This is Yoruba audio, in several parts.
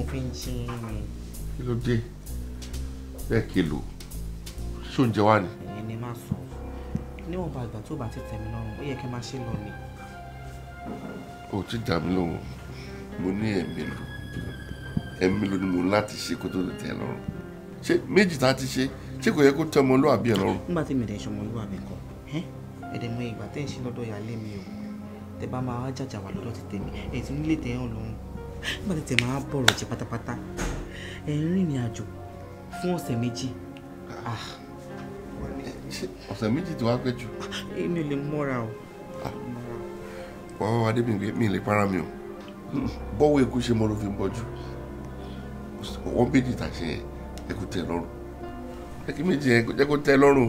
mo fi ń ṣe é ni. kí ló dé bẹ́ẹ̀ kí lò ṣó ń jẹ wá ni. ìyẹn ni máa sọ níwọ̀n bá ìgbà tó bá ti tẹ̀ mí lọ́rùn ó yẹ kí n máa ṣe lọ ni. o ti dà mí lóhùn mo ní ẹ̀mí lò ẹ̀mí lò ni mo láti ṣe kó tó lè tẹ̀ lọ́rùn ṣé méjì tá a ti ṣe ṣé kò yẹ kó tẹ́ ọmọlúwàbí ẹ lọ́rùn. nígbà tí mi dẹ̀ ṣe ọmọlúwàbí kọ ẹ̀dẹ̀ mọ ìgbà tẹ́ ẹ̀ ṣe lọ́dọ̀ yà lé mi o tẹ bá máa jàjà wà lọ́dọ̀ ti tèmi ẹ̀ tún nílé tẹ̀ ẹ̀ ń lọ́rùn nígbà tí tẹ̀ máa bọ̀rọ̀ jẹ pátápátá ẹ̀ ń rìn ìrìn àjò fún ọ̀sẹ̀ méjì. Ah. ọ̀sẹ̀ méjì tí wàá pẹ́ jù. Ah, èmi ò lè mọ́ra o. Ah. wàá wá débi pé mi lè para mi o bọ́wọ́ èkó ṣe mọ́ ló fi ń bọ́jú wọ́n méjì tà ṣe ẹ̀kú tẹ̀ lọ́rùn ẹ̀kú méjì ẹ̀kú tẹ̀ lọ́rùn.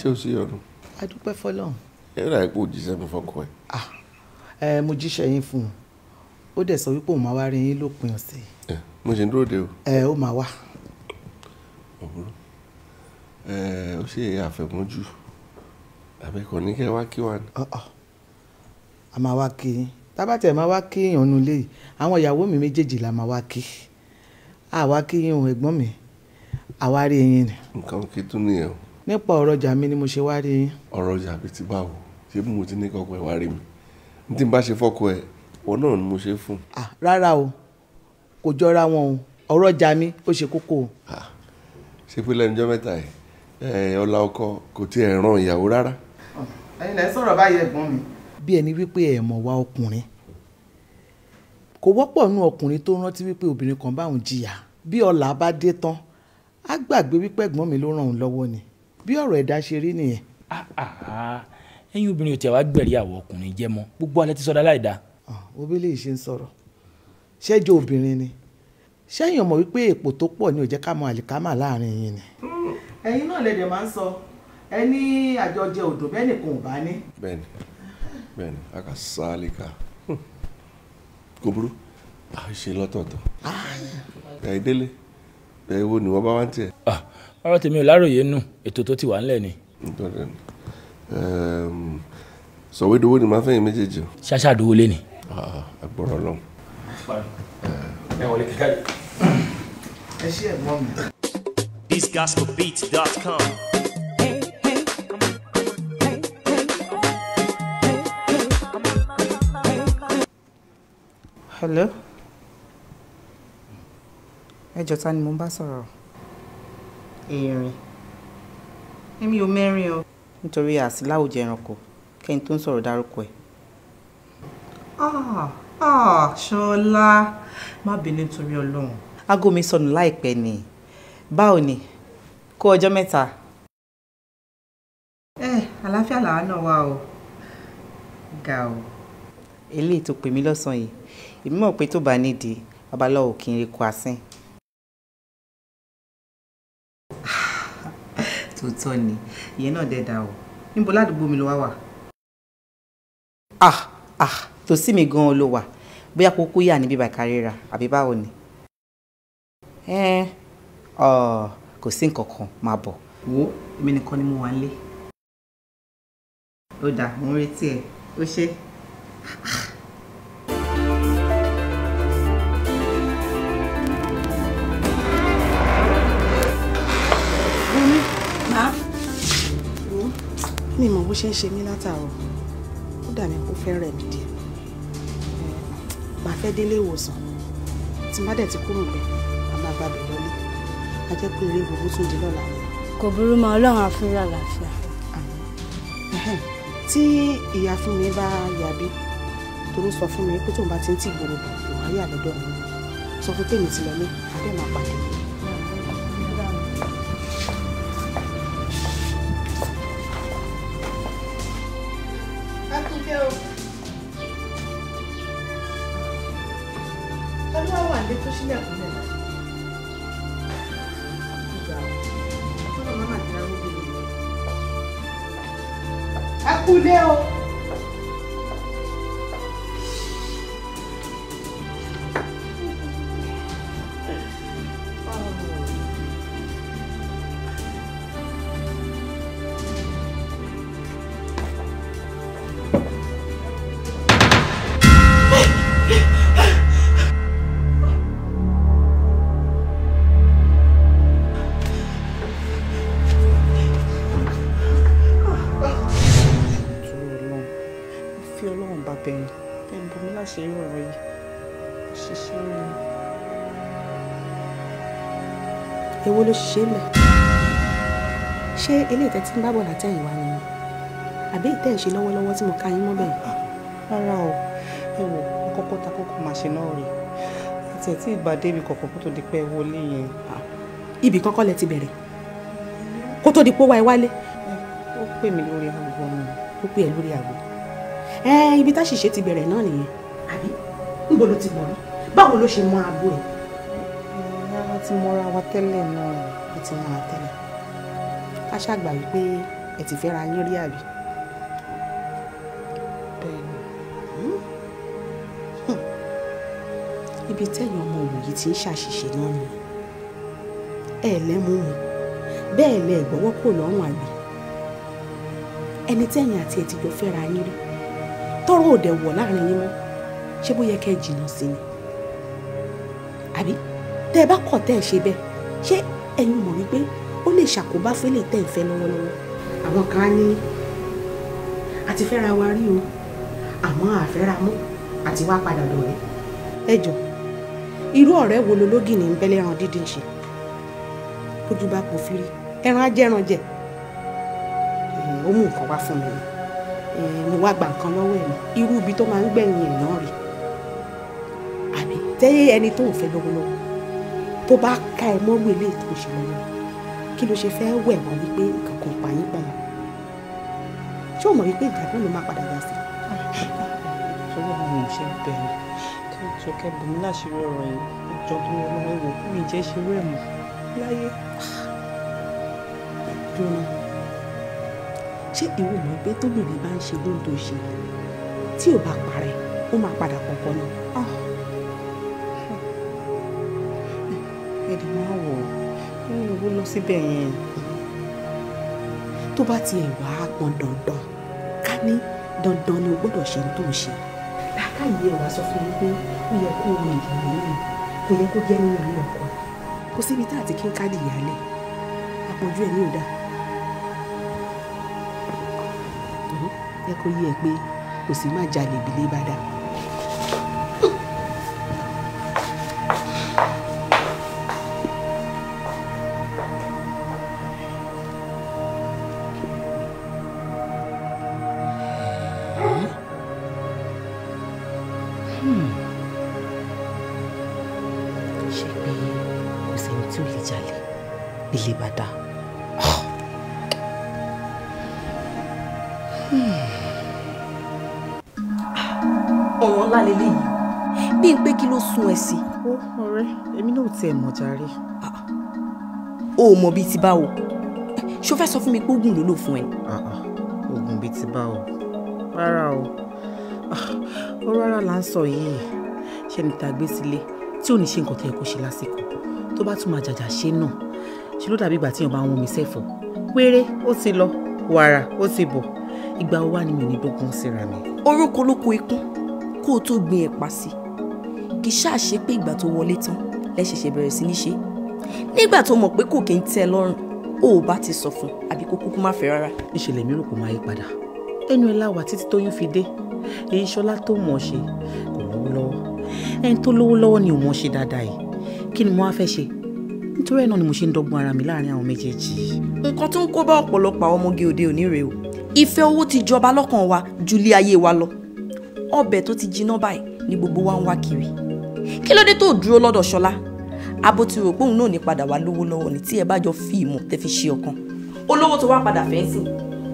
ṣé o ṣe ọdún. a dúpẹ́ fọlọ́run. ẹ rà ipò òjíṣẹ́ mi fọkọ ẹ. ẹ mo jíṣẹ́ yín fún un ó dẹ̀ sọ wípé òun máa wá rí yín lópin ọ̀sẹ̀. ẹ mo ṣe ń dúró de o. ẹ ó máa wá. ọ̀bùrọ̀ ẹ ó ṣe àfẹ̀mọ́jú àbẹ̀kọ̀ ní kẹ́ wá kí wa. a máa wá kí yín tábàtì ẹ̀ máa wá kí èèyàn nu ilé yìí àwọn ìyàwó mi méjèèjì la máa wá kí àwa kí yín òun ẹ̀gbọ́n mi àwa rí yín ni. nǹkan kí tún nìyẹn o nípa ọ̀rọ̀ ọjà mi ni mo ṣe wá rí yín. ọ̀rọ̀ ọjà mi ti báwo ṣé mo ti ní kọ́kọ́ ẹ̀ wá rí mi n tí n bá ṣe fọ́kọ ẹ̀ wọn náà ni mo ṣe fún. rárá o kò jọra wọn o ọ̀rọ̀ ọjà mi ó ṣe kókó o. ṣé pé lẹ́nu jọ́ mẹ́ta ẹ̀ ọlá ọkọ kò tiẹ̀ ràn ìyàwó rárá. ẹ̀yin lẹ sọ̀rọ̀ báyìí ẹ̀gbọ́n mi. bí ẹni wípé ẹ mọ̀ wá ọkùnrin kò wọ́pọ̀ nú ọkùnrin tó rántí wípé obìnrin kan báwọn jìyà bí ọlá bá dé tán á gbàgbé wípé ẹ̀gbọ́n mi ló ràn òun lọ́wọ́ ni bí ọ̀rọ̀ ẹ̀dá ṣe rí nìyẹn. Ah, ah, ah. ẹ̀yin obìnrin ò tí a wá gbẹ̀rí àwọ̀ ọkùnrin jẹ́ mọ́ gbogbo alẹ́ ti sọ́dá láìda. òbí lè ṣe ń sọ̀rọ̀ ṣẹ́jọ́ obìnrin ni ṣẹ́yìn ọmọ wípé èpò tó pọ̀ ni ò jẹ́ ká mọ àlìkámà láàrin yín ni. ẹ̀yin náà lẹ̀dẹ̀ máa ń sọ ẹ ní àjọjẹ òdò bẹ́ẹ̀ nìkan ò bá ní. bẹ́ẹ̀ni bẹ́ẹ̀ni a kà sálíkà kò burú a ṣe lọ́tọ̀ọ̀tọ̀ ẹ délé ẹ wo ni wọn bá wá ń tẹ ọ̀rọ̀ tèmi ò láròyé nù ètò tó ti wà ńlẹ̀ ni. sọ̀wédowó ni màá fẹ́yìn méjèèjì. ṣáṣá dowó lé ni. Ah, agbọ̀rọ̀ lọ. ẹ wọlé kíkà yìí. ẹ ṣí ẹ̀ mọ́ mi. thisgospelbeat.com. hello ẹ jọ̀ta ni mo bá sọ̀rọ̀. erin èmi ò mẹ́rin o. nítorí àsìlá ò jẹ ẹranko kẹ́ni tó ń sọ̀rọ̀ dárúkọ ẹ̀. Ah, ah, ṣọlá má bínú nítorí ọlọ́run. aago mi sọnù láìpẹ́ ni báwo ni kó ọjọ́ mẹ́ta. ẹ eh, àlàáfíà làwọn náà wà o ga o. eléyìí tó pè mí lọ́sàn-án yìí èmi mọ̀ pé tó bá nídìí babaláwo kì í rí kó asín. tòótọ́ ni ìyẹn náà dẹ̀ dà o níbo ládùúgbò mi ló wá wà. ah ah tòsí mi gan-an ló wà bóyá kókó yà níbi bàkárẹ́ra àbí báwo ni. ẹ ọ kò sí nǹkan kan máa bọ̀. wo èmi nìkan ni mo wà nílé. ó dà mo ń retí ẹ ó ṣe. bó ṣe ń ṣe mí látàárọ̀ ó dà mí kó fẹ́ rẹ̀ mí díẹ̀ màá fẹ́ délé ìwòsàn tí má dẹ̀ ti kúrò bẹ́ẹ̀ a máa gba bẹ̀ lọ́lé a jẹ́ pé eré gbogbo tún di lọ́la. kò burú mọ́ ọlọ́run àfúrà àlàáfíà. tí ìyá fún mi bá yàbí toró sọ fún mi pé tóun bá ti ń tì gbòòrò bò wọ́n lọ́dọ̀ mi sọ fún pé mi ti lọ ní abẹ́ máa pàdé mi. ẹ kú lé o. ṣe mẹ́ ṣé eléyìí tẹ́ ti ń bá bọ̀ látẹ̀yìn wá nìyẹn àbí ìtẹ́ ìṣe lọ́wọ́lọ́wọ́ tí mo ka yín mọ́ bẹ́ẹ̀. Ah, rárá o ẹ wò kọ́kọ́ ta kọ́kọ́ máa ṣe náà rè àti ẹ̀ tí ìgbà débi kọ̀ọ̀kan kó tó di pé ẹ wọlé yẹn. Ah, ibì kọ́kọ́ lẹ ti bẹ̀rẹ̀ kó tó di pé ó wá ẹ wálé. ó pè mí lórí aago mi. ó pè ẹ lórí aago. ibi táṣìṣe ti bẹ̀rẹ̀ náà nìyẹn. àbí níbo ló ti mọ̀ rí báwo ló ṣe mọ aago ẹ̀ ti mọra wa tẹ́lẹ̀ náà bó ti máa tẹ́lẹ̀ a ṣàgbà wípé ẹ ti fẹ́ra yín rí àbí. bẹ́ẹ̀ni hmm. ibi tẹ́yìn ọmọ òwòye ti ń ṣàṣìṣe náà ni ẹ lẹ́mú mu bẹ́ẹ̀ lẹ gbọ́wọ́ kò lọ́rùn àgbẹ̀ ẹni tẹ́yìn àti ẹ̀ ti jọ fẹ́ra yín rí tọ́rọ̀ òdẹ̀ láàrin yín mọ́ ṣé bó yẹ kẹ́ ẹ jìnnà sí ni tẹ́ ẹ bá kọ̀ tẹ́ ẹ ṣe bẹ́ẹ̀ ṣé ẹ̀yin mọ̀ wípé ó lè ṣàkóbá fún ilé tẹ́ ẹ fẹ́ lọ́wọ́lọ́wọ́. àwọn kan á ní a ti fẹ́ra wa rí o àmọ́ àfẹ́ra mọ́ àti wá padà dọ̀rẹ́. ẹ jọ irú ọ̀rẹ́ wo lológì ní bẹ́lẹ̀ ẹran dídì ń ṣe bójú bá pọ̀ firi ẹran ajẹ́ran jẹ ó mú nǹkan wá fún mi mo wá gba nǹkan lọ́wọ́ ẹ̀ irú ibi tó máa ń gbẹ̀yìn ẹ̀ náà rí àbí tẹ́yẹ ẹni tó ń fẹ́ lọ́wọ́lọ́wọ́ tó bá ka ẹ mọ́rú ilé tó ṣe lọ́wọ́ kí ló ṣe fẹ́ wẹ̀ wá wípé nǹkan kan pa yín ṣé o mọ̀ wípé ìgbà ló máa padà dá sí. sọ́wọ́ àwọn ò ṣe bẹ̀rẹ̀ kí n sọ kẹ́bù mi láṣìírí ọ̀rọ̀ ìjọ tó ń lọ́wọ́ wò mí jẹ́ ṣe rẹ̀ mọ́ láyé. ṣé ìwọ mọ̀ pé tóbìnrin bá ń ṣe lóńdó ṣe tí ò bá parẹ́ ó máa padà kọ̀ọ̀kan náà. síbẹ̀ yẹn tó bá tiẹ̀ wá pọn dandan ká ní dandan ni o gbọ́dọ̀ ṣe tó ń ṣe lákàyè ẹ̀ wá sọ fún mi pé ó yẹ kó o mọ ìyàwó mi kò yẹ kó jẹ́ nínú ilé ọkọ kò síbi tá àti kí n káàdì ìyálẹ̀ àpọ̀jù ẹ̀ ní ò dáa ẹ kò yẹ pé kò sí má jalè ìbílẹ̀ bá dáa. fún ẹ sí. ó ọ̀rẹ́ èmi náà ò tiẹ̀ mọ̀ jàre. Ah, o ò mọ̀ bíi ti báwo ṣó fẹ́ sọ fún mi pé oògùn ló lò fún ẹ. Ah, ah, oògùn bíi ti báwo rárá o ó rárá là ń sọ yìí ṣẹ́ni tá a gbé sílé tí ò ní ṣe nǹkan tó yẹ kó ṣe lásìkò tó bá tún máa jàjà ṣe náà ṣe ló dàbí ìgbà tí èèyàn bá ń wọ́n mi sẹ́fọ̀ péré ó ti lọ wàrà ó ti bọ̀ ìgbà wo wá ni mi ò ní dógún síra mi. orúkọ ló kó ikún kó o tó gbin ẹ̀pà sí i kì í ṣàṣe pé ìgbà tó wọlé tán lẹ́ṣẹ̀ṣẹ̀ bẹ̀rẹ̀ sí ní ṣe nígbà tó mọ̀ pé kò kí ń tẹ́ lọ́rùn ó bá ti sọ fún àbí kó kúkú má fẹ́ rárá. ìṣẹ̀lẹ̀ mi rò kó máa yí padà ẹnu ẹ láwà títí tóyún fi dé èyí ṣọlá tó mọ̀ ṣe kò lówó lọ́wọ́ ẹni tó lówó lọ́wọ́ ni ò mọ̀ ṣe dáadáa yìí kí ni mo wá fẹ́ ṣe nítorí ẹ̀ náà ni mo ṣe ń dọ́gbọ́n ara mi láàrin àwọn méjèèjì. nǹkan tó ń kó bá ọ̀pọ̀lọpọ̀ àwọn ọmọge òde òní rèé o ìfẹ́ owó ti jọba lọ́kàn wa ju ilé ayé wa lọ ọbẹ̀ tó ti jiná báyìí ni gbogbo wa ń wá kiri kí ló dé tó dúró lọ́dọ̀ ṣọlá abo ti rò pé òun náà ní padà wá lówó lọ́wọ́ ni tí ẹ bá jọ fi ìmọ̀ tẹ́ fi ṣe ọ̀kan olówó tó wá padà fẹ́ǹsì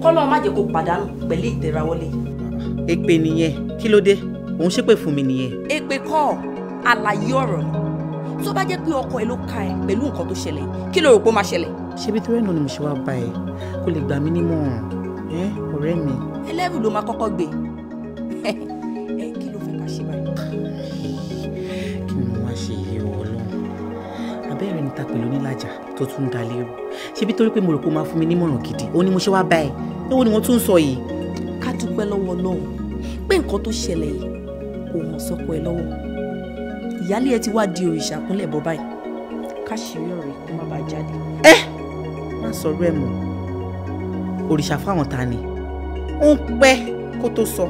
kọ́lọ́ má jẹ́ kó pàdánù pẹ̀lú ìtẹ̀rawọ́lé. èpè nìyẹn kí ló dé òun ṣépè fún mi nìyẹn. èpè kọ́ àlàyé ọ̀rọ̀ ni tó bá jẹ́ pé ọkọ ẹ ló ka ẹ pẹ̀lú nǹkan tó ṣẹlẹ̀ kí ló rò pé ó máa ṣẹlẹ̀. ṣebí torí ẹ̀ ni mo ṣe wá bá ẹ kó lè gbà mí nímọ̀ràn ọ̀rẹ́ mi. ẹlẹ́rù ló máa kọ́kọ́ gbé ta pẹ̀lú onílàjà tó tún ń da lérò ṣebí torí pé mo rò pé ó máa fún mi nímọ̀ràn gidi òun ni mo ṣe wá bá ẹ ewo ni mo tún ń sọ yìí. ká dúpẹ́ lọ́wọ́ Ọlọ́run pé nǹkan tó ṣẹlẹ̀ yìí kò hàn sọ́kọ ẹ lọ́wọ́ ìyáálé ẹ ti wá di òrìṣà kúnlẹ̀ bọ́ báyìí ká ṣírí ọ̀rọ̀ yìí kó má bàa jáde. ẹ má sọ̀rọ̀ ẹ̀ mọ́ òrìṣà fáwọn ta ni ó ń pẹ́ kó tó sọ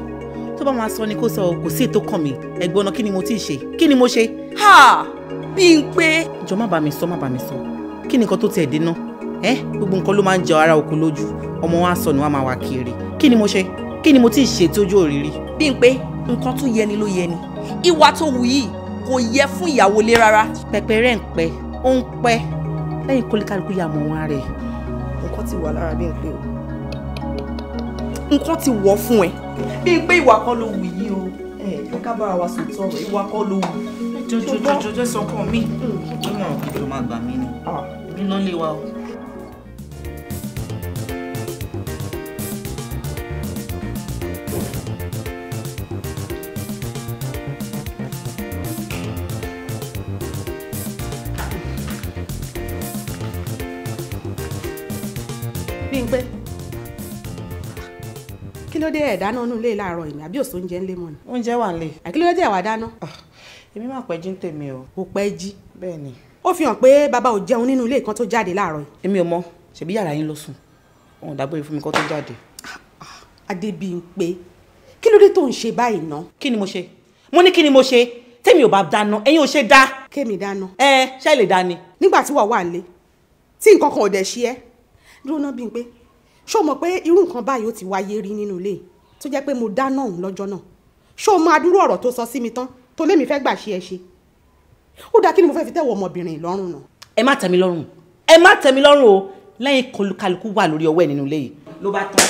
tó bá máa sọ ni kó sọ kò sí ètò kàn mí ẹ̀gbọ́n kí ni mo ti ṣe kí ni mo ṣe. háà Bímpé jọ má bàa mi sọ má bàa mi sọ kí ni nǹkan tó tiẹ̀ dé náà ẹ gbogbo nǹkan ló máa ń jẹ ara oko lójú ọmọ wa sọnù wa máa wà kiri kí ni mo ṣe kí ni mo ti ṣe tí ojú òrìrì. Bímpé nǹkan tó yẹ ni ló yẹ ni ìwà tó wù yìí kò yẹ fún ìyàwó lé rárá. pẹpẹrẹ ń pẹ ó ń pẹ lẹ́yìn kólíkálukú yà mọ wọn rẹ. nǹkan ti wà lára Bímpé o nǹkan ti wọ̀ fún ẹ Bímpé ìwà kan ló wù yìí o ẹ jẹ́ ká bára wa sùn tọrọ ìwà kọ́ ló wù. jọjọjọjọ sọkàn mi. ó ní àwọn kìtò máa gbà mí ni. mi ah. lọ lé wa o. dé ẹ̀ dáná nù lé láàárọ̀ èmi àbí òsè oúnjẹ ńlẹ̀ mọ́ ni. oúnjẹ wà ń lè. àkílẹ̀ dé ẹ̀wà dáná. Ah, èmi máa pẹ́ jí ń tèmi o. kò pẹ́ jí. bẹ́ẹ̀ ni. ó fi hàn pé bàbá ò jẹun nínú ilé kan tó jáde láàárọ̀ yìí. èmi ò mọ ṣèbí yàrá yín ló sùn òun dàgbé fún mi kó tó jáde. Adébímpé kí ló dé tó ń ṣe báyìí ná. kí ni mo ṣe mo ní kí ni mo ṣe tèmi ò bá dáná ẹ̀yin ò ṣe dá. kémi dáná. ẹ ṣáà lè dá ni. nígbà tí wàá wà lé tí nǹkan kan ò dẹ̀ ṣe ẹ́ dúró ná Bímpé ṣó mọ̀ pé irú nǹkan báyìí ó ti wáyé rí nínú ilé tó jẹ́ pé mo dáná òun lọ́jọ́ náà ṣó mọ adúrú ọ̀rọ̀ tó sọ sí mi tán tó lémi fẹ́ gbà ṣe ẹ ṣe ó dáa kí ni mo fẹ́ fi tẹ̀wọ̀ ọmọbìnrin lọ́rùn nà. ẹ má tẹ́ mi lọ́rùn ẹ má tẹ́ mi lọ́rùn o lẹ́yìn kọlùkàlùkù wà lórí ọwọ́ ẹ̀ nínú ilé yìí ló bá tán.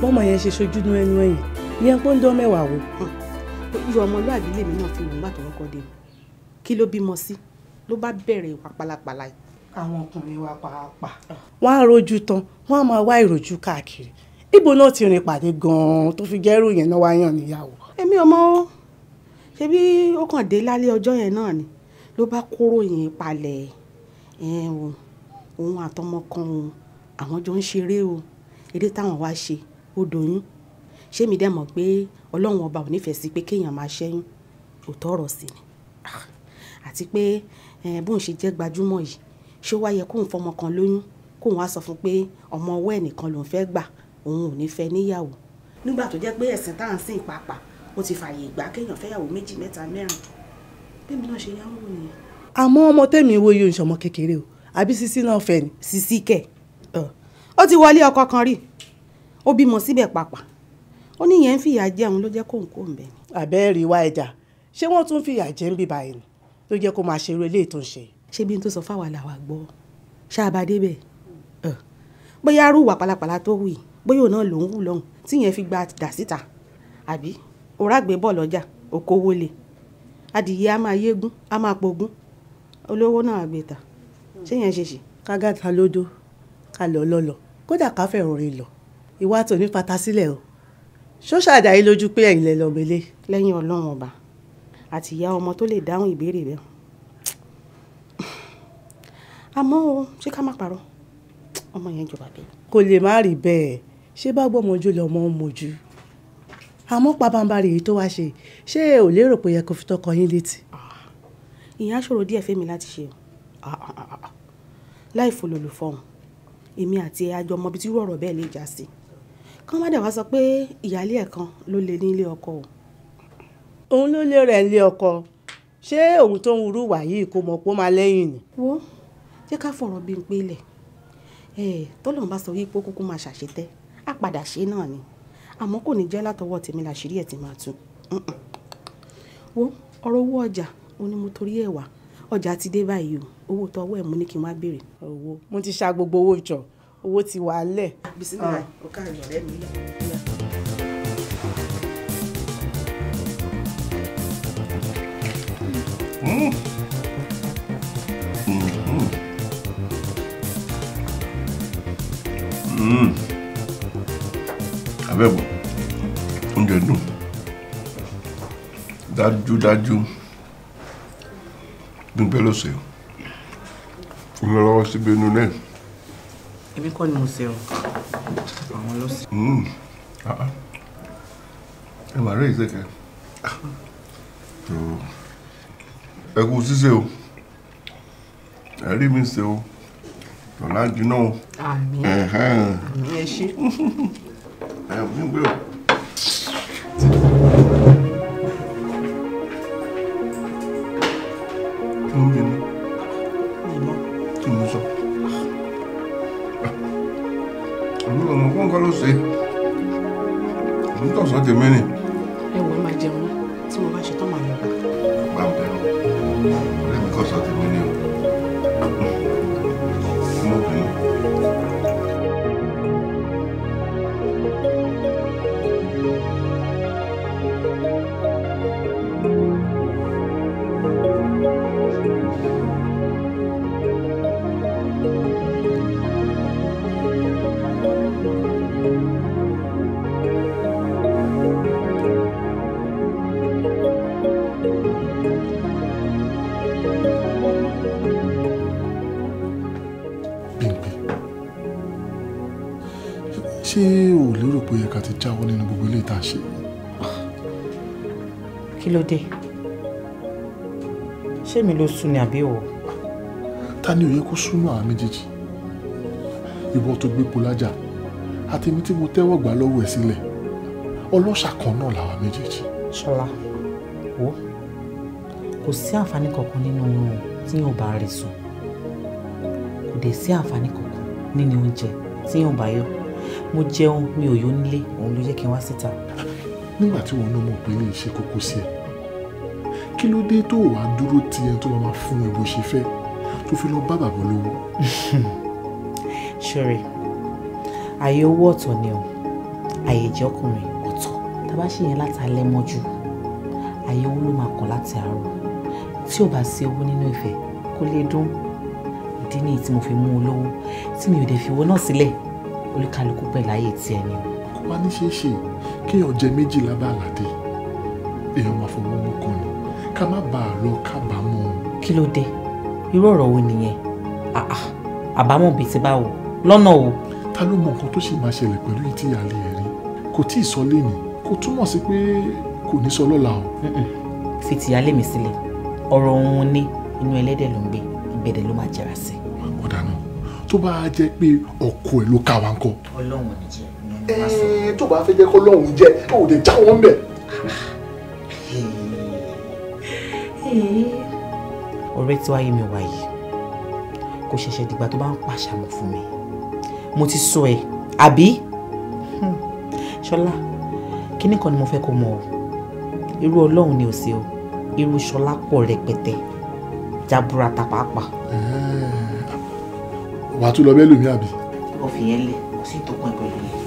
bọ́mọ yẹn ṣe ṣojú ẹnu ẹ̀yìn ìyẹn pọ́ńdọ́ mẹ́wàá wo irú ọmọlúàbí lèmi náà fi wùngbà tó rọ́kọ́ dé kí ló bímọ sí ló bá bẹ̀rẹ̀ ìwà pálapàla yìí. àwọn ọkùnrin wa pàápàá. wọ́n á rojú tán wọ́n á máa wá ìròjú káàkiri ibo náà ti rìn pàdé gan-an tó fi gẹ́rù yẹn náà wá níyàwó. èmi ò ṣebí ó kàn dé lálẹ́ ọjọ́ yẹn náà ni ló bá kóró yẹn palẹ̀ òun àtọmọ kan òun àwọn jọ ń ṣeré o eré táwọn wá ṣe ó doyún ṣé mi dẹ̀ mọ̀ pé ọlọ́run ọba ò nífẹ̀ẹ́ sí pé kéèyàn máa ṣẹ́yún òótọ́ ọ̀rọ̀ sí ni àti pé bóun ṣe jẹ́ gbajúmọ̀ yìí ṣé ó wá yẹ kóun fọmọ kan lóyún kóun wá sọ fún pé ọmọ ọwọ́ ẹ̀ nìkan lòun fẹ́ gbà òun ò ní fẹ́ níyàwó nígbà tó jẹ́ pé ẹ̀sìn tá à ń sìn pàápàá ó ti fààyè ìgbà kéèyàn fẹ́yàwó méjì mẹ́ta mẹ́rin bẹ́ẹ̀ náà ṣe yáwó nìyẹn. àmọ́ ọmọ tẹ̀mí wo yóò ṣọmọ kékeré o àbí sisi náà fẹ́ ni. sisi kẹ̀ ó ti wọlé ọkọ kan rí ó bímọ síbẹ̀ pàápàá ó ní yẹn ń fìyà jẹ òun ló jẹ́ kó ń kó ń bẹ̀ ni. àbẹ́ẹ̀rí wa ẹ̀dà ṣé wọ́n tún fìyà jẹ ń bí báyìí ni ló jẹ́ kó máa ṣerú eléyìí tó ń ṣe. ṣé bí n tó sọ fáwa làwa gbọ́ ṣáàbà débẹ̀ bóyá arú wà pàlàpàlà tó wù yìí bóyá òun náà lòún wù lọ́hùn tí yẹn fi gba dà síta àbí òràgbé bọ̀ lọ́jà òkòwò lè adìyẹ a máa yégún a máa pogún olówó náà àgbètà ṣé yẹn ṣe ṣe. kágàtà lódó ká lọ kódà káfẹ́ òrin lọ ìwà tòní fatasílẹ̀ o ṣó ṣàdáyé lójú pé ẹ̀yin lẹ lọ́mọ ilé. lẹ́yìn ọlọ́run ọba àti ìyá ọmọ tó lè dáhùn ìbéèrè rẹ àmọ́ o ṣé ká má parọ́ ọmọ yẹn jọba bẹ́ẹ̀. kò lè má rí bẹ́ẹ̀ ṣé bá gbọ́ mojú lọ́mọ ń mojú àmọ́ pabambarì yìí tó wá ṣe ṣé ò lérò pé yẹ kó fi tọkọ yín létí. ìyẹn aṣòro díẹ̀ fẹ́mi láti ṣe láì folòlò fọ́hùn èmi àti ẹ̀ àjọ ọmọbi tí irú bẹ́ẹ̀ lè já sí i kán má dẹ̀ wá sọ pé ìyáálé ẹ̀ kan ló lè ní ilé ọkọ o. òun ló lè rẹ̀ ilé ọkọ ṣé òun tó ń wúrú wà yìí kò mọ̀ pé ó máa lẹ́yìn ni. wo jẹ́ ká fọ̀rọ̀ bí n pé lẹ̀ ẹ̀ tọ́lọ́run bá sọ yìí pé kúkú máa ṣàṣetẹ́ á padà ṣe náà ni àmọ́ kò ní jẹ́ látọwọ́ tèmi làṣírí ẹ̀ ti máa tú wo ọ̀rọ̀ owó ọjà ó ní mo torí ẹ̀ wá ọjà ti dé báyìí o owó tọwọ́ ẹ̀ mú ní kí n wá béèrè. owó mo ti ṣa gbogbo owó jọ owó ti wà á lẹ̀. bisimilá ọkà ìrọ̀lẹ́ mi yà. Mm. Mm. abẹ́bọ̀ oúnjẹ dùn dájúdájú dúpẹ́ lọ́sẹ̀ ìrànlọ́wọ́ síbi inú náà èmi kọ́ ni mo ṣe o àwọn ló ṣe. Hmm. Ah, ah. ẹ màá rí ìṣèkẹ ẹ kú ṣíṣe o ẹ rí mi ṣe o tọ́lá jiná o. àmín àmín ẹ ṣe. gbé o. ṣé mi ló sùn ni àbí ìwọ. ta ni òye kó súnmọ́ àwọn méjèèjì ìwọ tó gbé polájà àtẹ̀mí tí mo tẹ́wọ́ gbà lọ́wọ́ ẹ̀ sílẹ̀ ọlọ́ṣà kan náà làwa méjèèjì. ṣọlá wo kò sí àǹfààní kankan nínú oorun tí yóò bá rí sùn kò dẹ̀ sí àǹfààní kankan nínú oúnjẹ tí yóò bá yọ mo jẹun mi ò yó nílé òun ló jẹ́ kí n wá síta. nígbà tí wọn náà mọ̀ pé ilé iṣẹ́ kókó sí ẹ̀ kí ló dé tó wàá dúró ti ẹni tó máa fún ẹ bó ṣe fẹ́ tó fi lọ bá bàbá lówó. ṣọ̀rẹ́ ààyè owó ọ̀tọ̀ ni o ààyè ìjẹ́ ọkùnrin ọ̀tọ̀ tá a bá ṣe yẹn láti alẹ́ mọ́jú ààyè owó ló máa kàn láti àárọ̀ tí ò bá sí owó nínú ìfẹ́ kó lè dún ìdí nìyí tí mo fi mú olówó tí mi ò dẹ̀ fi owó náà sílẹ̀ olúkálukú pẹ̀lú ayé tiẹ̀ ni o. kó wá ní ṣeé ṣe kéèyàn jẹ méjì lábàládé ká má bàa lọ kábàámọ̀. kí ló dé irú ọ̀rọ̀ wo nìyẹn àbámọ̀ bíi ti báwo lọ́nà o. ta ló mọ nǹkan tó ṣì máa ṣẹlẹ̀ pẹ̀lú ìtì àlè ẹ̀rí kò tí ì sọ léni kò túmọ̀ sí pé kò ní sọ lọ́la o. fi tìyálé mi sílẹ̀ ọ̀rọ̀ òun ní inú ẹlẹ́dẹ̀ ló ń gbé ìgbẹ̀dẹ̀ ló máa jẹrà sí. ọ̀dà náà tó bá jẹ́ pé ọkọ ẹ̀ ló ká wa ń ọlọ́run ò ní jẹ́ ẹ tó bá fẹ́ jẹ́ kọ́ lọ́hùn-ún jẹ́ ó lè já wọn bẹ̀. tí wáyé mi wá yìí kò ṣẹ̀ṣẹ̀ dìgbà tó bá ń pàṣàmọ̀ fún mi mo ti sọ ẹ̀ àbí ṣọlá kíní kan ni mo fẹ́ kó mọ̀ o irú ọlọ́run ni ò sí o irú ṣọlá pọ̀ rẹpẹtẹ jaburata pàápàá. wàá tún lọ bẹ́ẹ̀ lómi àbí. ó fi yẹn lé kò sí ìtọ́kùn ẹ̀kọ́ ìlú yẹn.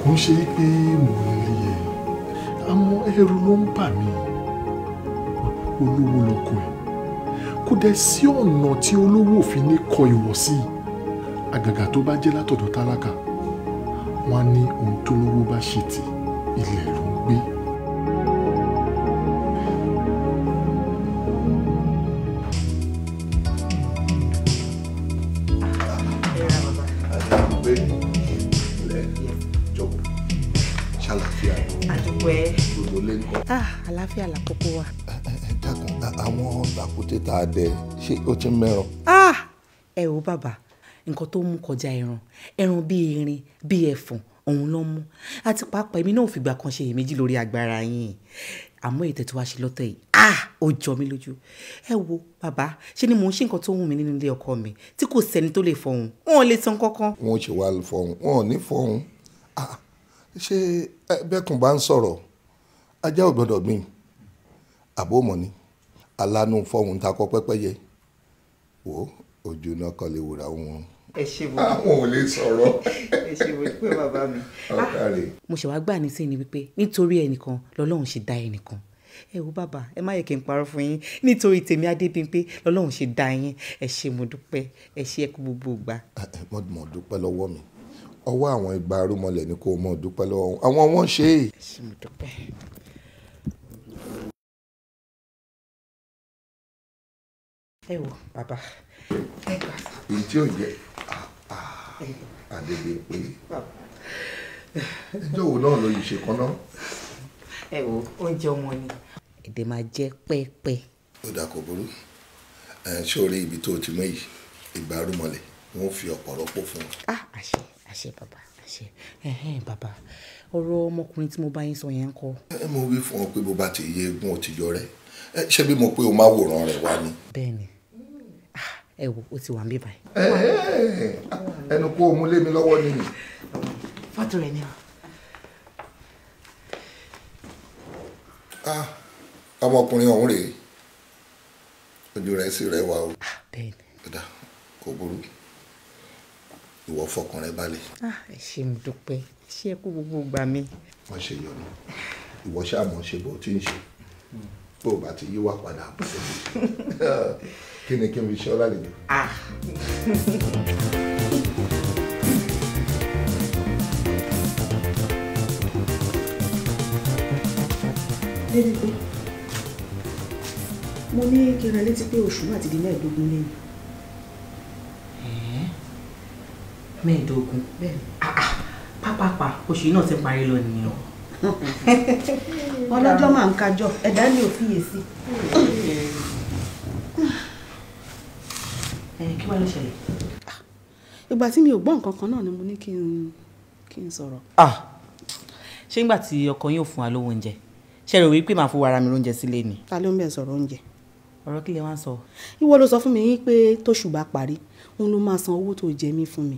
kò ń ṣe pé mò ń ẹ̀rù ló ń bà mí olówó lọkọ ẹ̀ kò dẹ̀ sí ọ̀nà tí olówó òfin ní kọ ìwọ̀ sí i àgàgà tó bá jẹ́ látọ̀dọ̀ tálákà wọ́n á ní ohun tó lówó bá ṣe ti ilẹ̀ lọ. àlàáfíà lákòókò wa. ẹ ẹ dákun àwọn làkúté tá a dẹ ṣé ó ti ń mẹ́ràn. Ah! ẹ ò bàbá nǹkan tó mú kọjá ẹran ẹran bíi erin bíi ẹfọ̀n òun ló mú àti pàápàá èmi náà ò fìgbà kan ṣe èméjì lórí agbára yín àmọ́ ètò tí wàá ṣe lọ́tọ̀ yìí ah ó jọ mí lójú ẹ wo bàbá ṣé ni mò ń ṣe nǹkan tó wù mí nínú ilé ọkọ mi tí kò sẹ́ni tó lè fọhùn wọn ò lè tan kankan. wọn ò ṣe wá fọhùn wọn ò ní fọhùn ah! ṣé bẹ́ẹ̀kùn bá ń sọ̀rọ̀ ajá ò gbọ́dọ̀ gbìn àbómọ̀ ni alánú fọ́hún takọ pẹ́pẹ́yẹ wò ojú náà kọ́ lè wòrà wọn. ẹ ṣe wo àwọn ò lè sọ̀rọ̀. ẹ ṣe wo pé bàbá mi. mo ṣe wá gbà ní sí ni wípé nítorí ẹnìkan lọ́lọ́run ṣe dá ẹnìkan ẹ wo bàbá ẹ má yẹ kí n parọ́ fún yín nítorí tèmi adébímpé lọ́lọ́run ṣe dá yín ẹ ṣe mo dúpẹ́ ẹ ṣe ẹ kú gbogbo ìgbà. mo dúpẹ́ lọ́wọ́ mi ọwọ́ àwọn igba arúmọlẹ̀ ni kò mọ̀ dúpẹ́ lọ́wọ́ àwọn wọn ṣe é. ẹ ṣe mo dúpẹ́. ẹ wò bàbá ẹ gbà. ìtí ò jẹ àdèdè pé ẹjọ́ wo náà ló yìí ṣe kan náà. ẹ wò oúnjẹ ọmọ ni. èdè máa jẹ pẹ́ẹ́pẹ́. ó dà kó burú ṣé o rí ibi tó o ti mọ yìí ìgbà arúmọlẹ̀ wọn fi ọ̀pọ̀ rọ́pò fún ọ. a ah, àṣẹ àṣẹ bàbá àṣẹ ẹhẹn bàbá ọ̀rọ̀ ọmọkùnrin tí mo bá yín sọ yẹn ń kọ́. ẹ mo wí fún ọ pé bó bá ti yé egun òtijọ́ rẹ ṣé bí mo pé o máa wòran rẹ wá ni. bẹ́ẹ̀ni ẹ wò ó ti wà níbí báyìí. ẹnu kó o mú lé mi lọ́wọ́ nínú. fọ́tò rẹ̀ ni o. Ah, ọmọkùnrin ọ̀hún rèé ojú rẹ̀ sì rẹwà o. Ah, bẹ́ẹ̀ni. kò burú ìwọ fọkàn rẹ balẹ̀. Ah, ẹ ṣé mo dúpẹ́ ṣé ẹ kú gbogbo ìgbà mi. wọ́n ṣe yọnu ìwọ ṣáà mọ̀ ṣe bó ti ń ṣe bó o bá ti yíwà padà bó o ṣe que ni kí n fi ṣe ọ́ lálejò. Ah. dédégbé mo ní kí n ra létí pé oṣù náà ti di mẹ́ẹ̀ẹ́dógún lẹ́yìn. mẹ́ẹ̀ẹ́dógún ah, ah pápápá oṣù náà ti parí lọ nìyẹn o. ọlọ́jọ́ máa ń kájọ ẹ̀dá ni ò fiyèsí. kí wàá ló ṣẹlẹ̀. ìgbà tí mi ò gbọ́ nǹkan kan náà ni mo ní kí n kí n sọ̀rọ̀. ṣé nígbà tí ọkọ yín ò fún wa lówó oúnjẹ ṣe rò wípé màá fowó ara mi lóúnjẹ sílé ni. ta ló ń bẹ̀ sọ̀rọ̀ oúnjẹ. ọ̀rọ̀ kí lẹ wá ń sọ. ìwọ ló sọ fún mi yín pé tóṣù bá parí òun ló máa san owó tó jẹ mí fún mi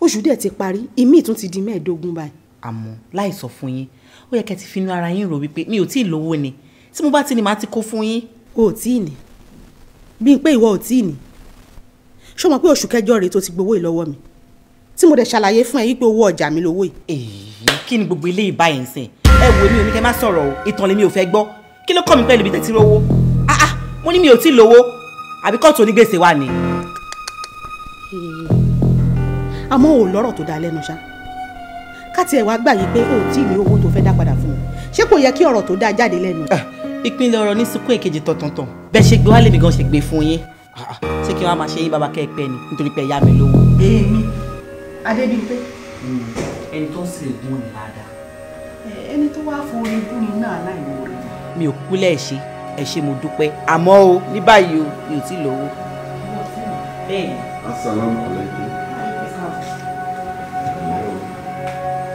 oṣù dẹ̀ ti parí ìmíì tún ti di mẹ́ẹ̀ẹ́dógún báyìí. àmọ́ láì sọ fún yín ó yẹ kẹ́ ti finú ara yín rò wípé mi ò tí ì lówó ni tí mo bá ti ní màá ti kó fún yín. o ò tí ì ní bí pé ìwọ ò tí ì ní ṣó mọ̀ pé oṣù kẹjọ rèé tó ti gbowó yìí mi tí mo dẹ̀ ṣàlàyé fún ẹ wípé owó ọjà mi lówó yìí. èyí kí ni gbogbo eléyìí báyìí ń sìn ẹ wo mi ò ní má sọ̀rọ̀ o ìtàn lèmi ò fẹ́ gbọ́ kí ló kọ́ mi pẹ̀lú ibi tẹ̀tí rówó ah ah mo ní mi ò tí ì lówó àbí kóòtù onígbèsè wà ni. àmọ́ ò lọ́rọ̀ tó dáa lẹ́nu ṣá ká tiẹ̀ wá gbà yí pé o ò tí ì ní owó tó fẹ́ dá padà fún mi ṣé kò yẹ kí ọ̀rọ̀ tó dáa jáde lẹ́nu. Ah, ìpínlẹ̀ ọ̀rọ̀ ní sunkún èkejì tọ̀tọ̀tọ̀ bẹ́ẹ̀ ṣe gbé wálé mi gan ṣe gbé fún yín ṣé kí wọ́n máa ṣe yín bàbá kẹ́ẹ̀pẹ́ ni nítorí pé ẹ̀yà mi lówó. èmi adébíyẹ. Hmm, ẹni tó ń ṣe ègún ni ládàá. ẹni tó wá fún orin bú ni náà láìmọ rẹ. mi ò kúlẹ̀ ṣe ẹ ṣé mo dúpẹ́ àmọ́ o ní báyìí o mi ò tí ì lówó. bẹ́ẹ̀ ni. asalaamu alaykum.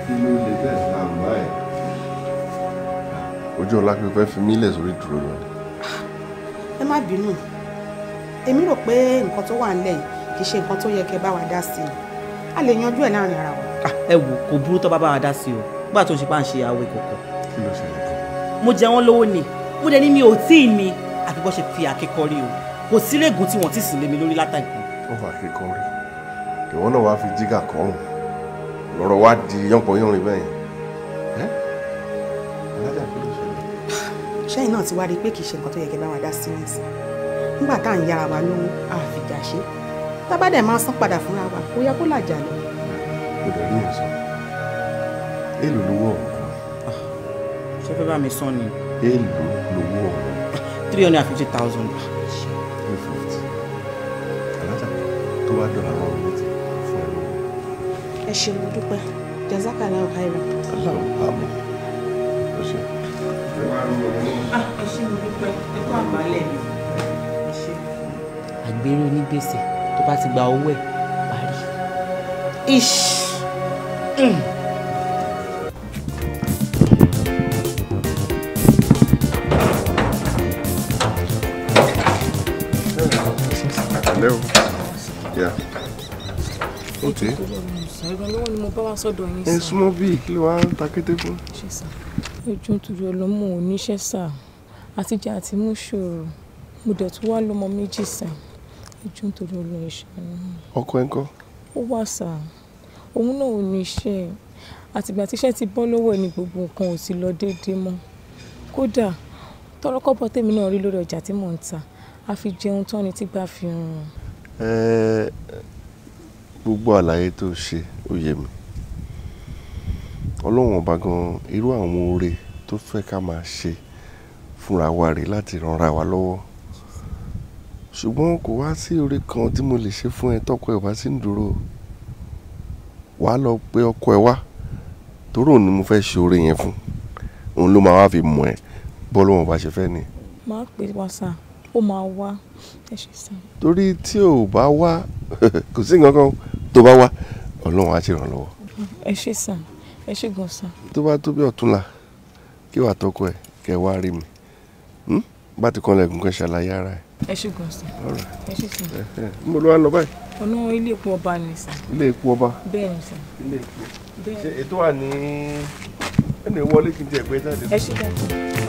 kí ló lè bẹ́ẹ̀ láàmú ẹ̀. ojú ọlá pé fi mí lẹ̀ sórí dúró lọ. ẹ má bínú èmi rò pé nǹkan tó wà nílẹ̀ yìí kì í ṣe nǹkan tó yẹ kẹ́ bá wa dá sí i a lè yanjú ẹ̀ láàrin ara wa. Ah, ẹ wò kò burú tó bá bá wa dá sí o nígbà tó ń ṣe bá ń ṣe àwọ ìkòkò. kí ló ṣẹlẹ̀ kan. mo jẹ wọn lówó ni mo dẹ ní mi ò tí ì mi àbí bọ́ ṣe fi àkékọ́rí o kò sí léegun tí wọ́n ti sìn lé mi lórí látàgbọ́n. ó fà àkékọ́rí ìwọ náà wàá fi jígà kọrùn lọ́rọ̀ wá di yánpọ̀yánrin bẹ́ẹ̀ yẹn. ṣẹ́yìn náà ti wá rí i pé kì í ṣe nǹkan tó yẹ kẹ́ bá wa dá sí nìyí nígbà tá à ń yára wa lówó àfìjà ṣe tábà máa san padà fúnra wa kó yẹ kó làjà lọ. kò dẹ̀ rí ẹ̀sán èèlò lówó ọ̀rọ̀ ṣé fẹ́ bá mi sọ ni. èèlò lówó ọ̀rọ̀. three hundred and fifty thousand. three fifty alájà tó wá dọ̀rọ̀ àwọn ọ̀rọ̀ létí fún ẹ lọ́wọ́. ẹ ṣe mo dúpẹ́ jazakala ọ̀háìrà. aláwọ̀ àmọ̀ ọ̀ṣẹ́. Ah, ẹ wá rú ẹ ṣe mo dúpẹ́ ẹ kó àbálẹ̀ mi tàbí eré onígbèsè tó bá ti gba owó ẹ̀ parí. ish. Mm. bíi kí ló ń ta kété fún. ojú nítorí ọlọ́mọ ò sá àtijọ́ àti mú ṣòro mo dẹ̀ tún wá lọ́mọ méjì sẹ́yìn ẹjọ́ nítorí olóhùn iṣẹ́ náà. ọkọ ẹ ńkọ́. ó wà sá òun náà ò ní iṣẹ́ àtìgbà tíṣẹ́ ti bọ́ lọ́wọ́ ẹ̀ ní gbogbo nǹkan ò sì lọ déédéé mọ́ kódà tọ́rọ́kọ́bọ̀ tèmi náà rí lórí ọjà tí mò ń ta a fi jẹun tán ni tígbà fi rùn. gbogbo àlàyé tó ṣe ó yé mi ọlọ́run ọba gan irú àwọn oore tó fẹ́ ká máa ṣe fúnra wa rèé láti ranra wa lọ́wọ́ ṣùgbọ́n kò wá sí oore kan tí mo lè ṣe fún ẹ tọkọ ẹ wá sí ìdúró wàá lọ pe ọkọ ẹ wá torí òun ni mo fẹ́ ṣe oore yẹn fún òun ló máa wá fi mọ̀ ẹ́ bọ́ lóun bá ṣe fẹ́ ni. máa pè wá sá ó máa wá ẹ ṣe sá. torí tí ò bá wá kò sí nǹkan kan tó bá wá ọlọ́run á ṣèrànlọ́wọ́. ẹ ṣe sá ẹ ṣe gan sá. tó bá tó bí ọ̀túnla kí wàá tọkọ ẹ kẹ wá rí mi. Hmm? bá ti kanlẹ̀kùn kan ṣàlàyé ara ẹ̀. ẹ ṣùgbọ́n sir ẹ ṣùgbọ́n. n bolo wa lọ báyìí. ọ̀nà ilé epo ọba ni sir. ilé epo ọba. bẹ́ẹ̀ ni sir. ilé epo bẹ́ẹ̀ ni. ètò wà ní ẹni wọlé kí n tiẹ̀ gbé jáde. ẹ ṣe dáadáa.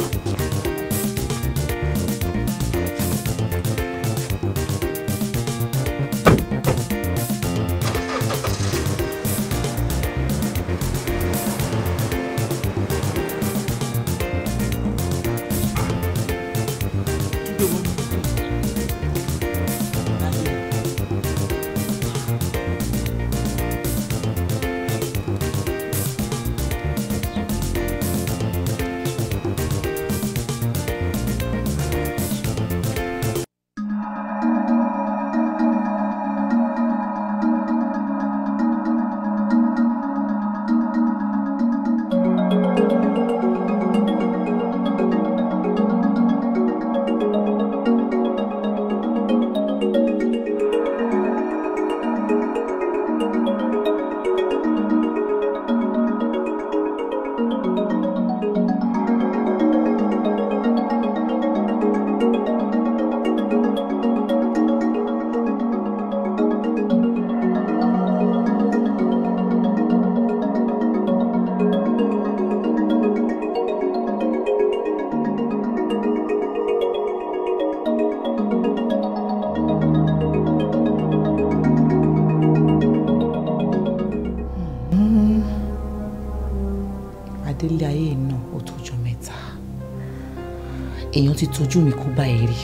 ti tọ́jú mi kó bá ẹ rí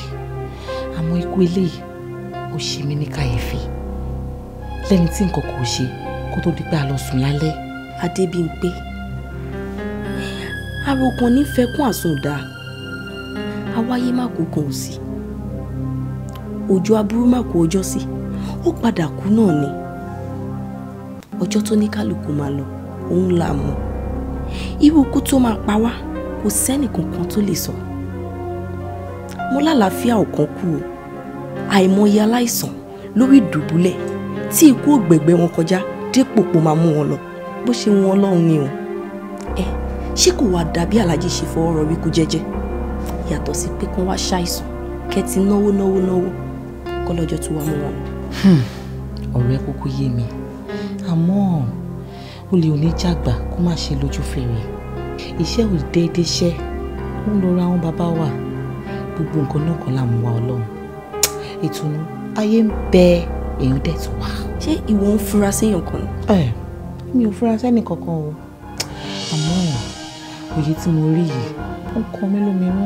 àmọ́ ikú eléyìí ó ṣe mí ní kàyéfì lẹ́ni tí nǹkan kò ṣe kó tó di pé a lọ sùn lálẹ́. adébímpé arókan nífẹ̀ẹ́ kún àsundà awáyé má kú kan sí òjò aburú má kú ọjọ́ sí ó padà kú náà ni ọjọ́ tó ní kálukú máa lọ òun là mọ̀ irú ikú tó máa pa wá kò sẹ́nìkankan tó lè sọ. So mo lálàáfíà ò kán kú o àìmọye aláìsàn lórí ìdùbúlẹ̀ tí ikú ògbẹ̀gbẹ̀ wọn kọjá dépò pò máa mú wọn lọ bó ṣe wọn ọlọ́run ni o ẹ ṣé kò wá dàbí aláàjì ṣe fọwọ́ rọrí kú jẹ́jẹ́ yàtọ̀ sí pé kán wá ṣàìsàn kẹ́tì náwó náwó náwó kọ́lọ́jọ́ tó wà mú wọn. Hmm, ọ̀rọ̀ ẹ kúkú yé mi àmọ́ olè ò ní jàgbà kó má ṣe lójú fèrè iṣẹ́ ò déédéé ṣẹ́ ń lọ ra àwọn bàbá wa gbogbo nǹkan náà kan láàmú wa ọlọ́run ìtùnú ayé ń bẹ èèyàn dẹ̀ tó wà. ṣé ìwọ ń fura séèyàn kan ni. ẹ mi ò fura sẹ́ni kankan o àmọ́ òye tí mo rí yìí ó ń kọ́ mi lóminú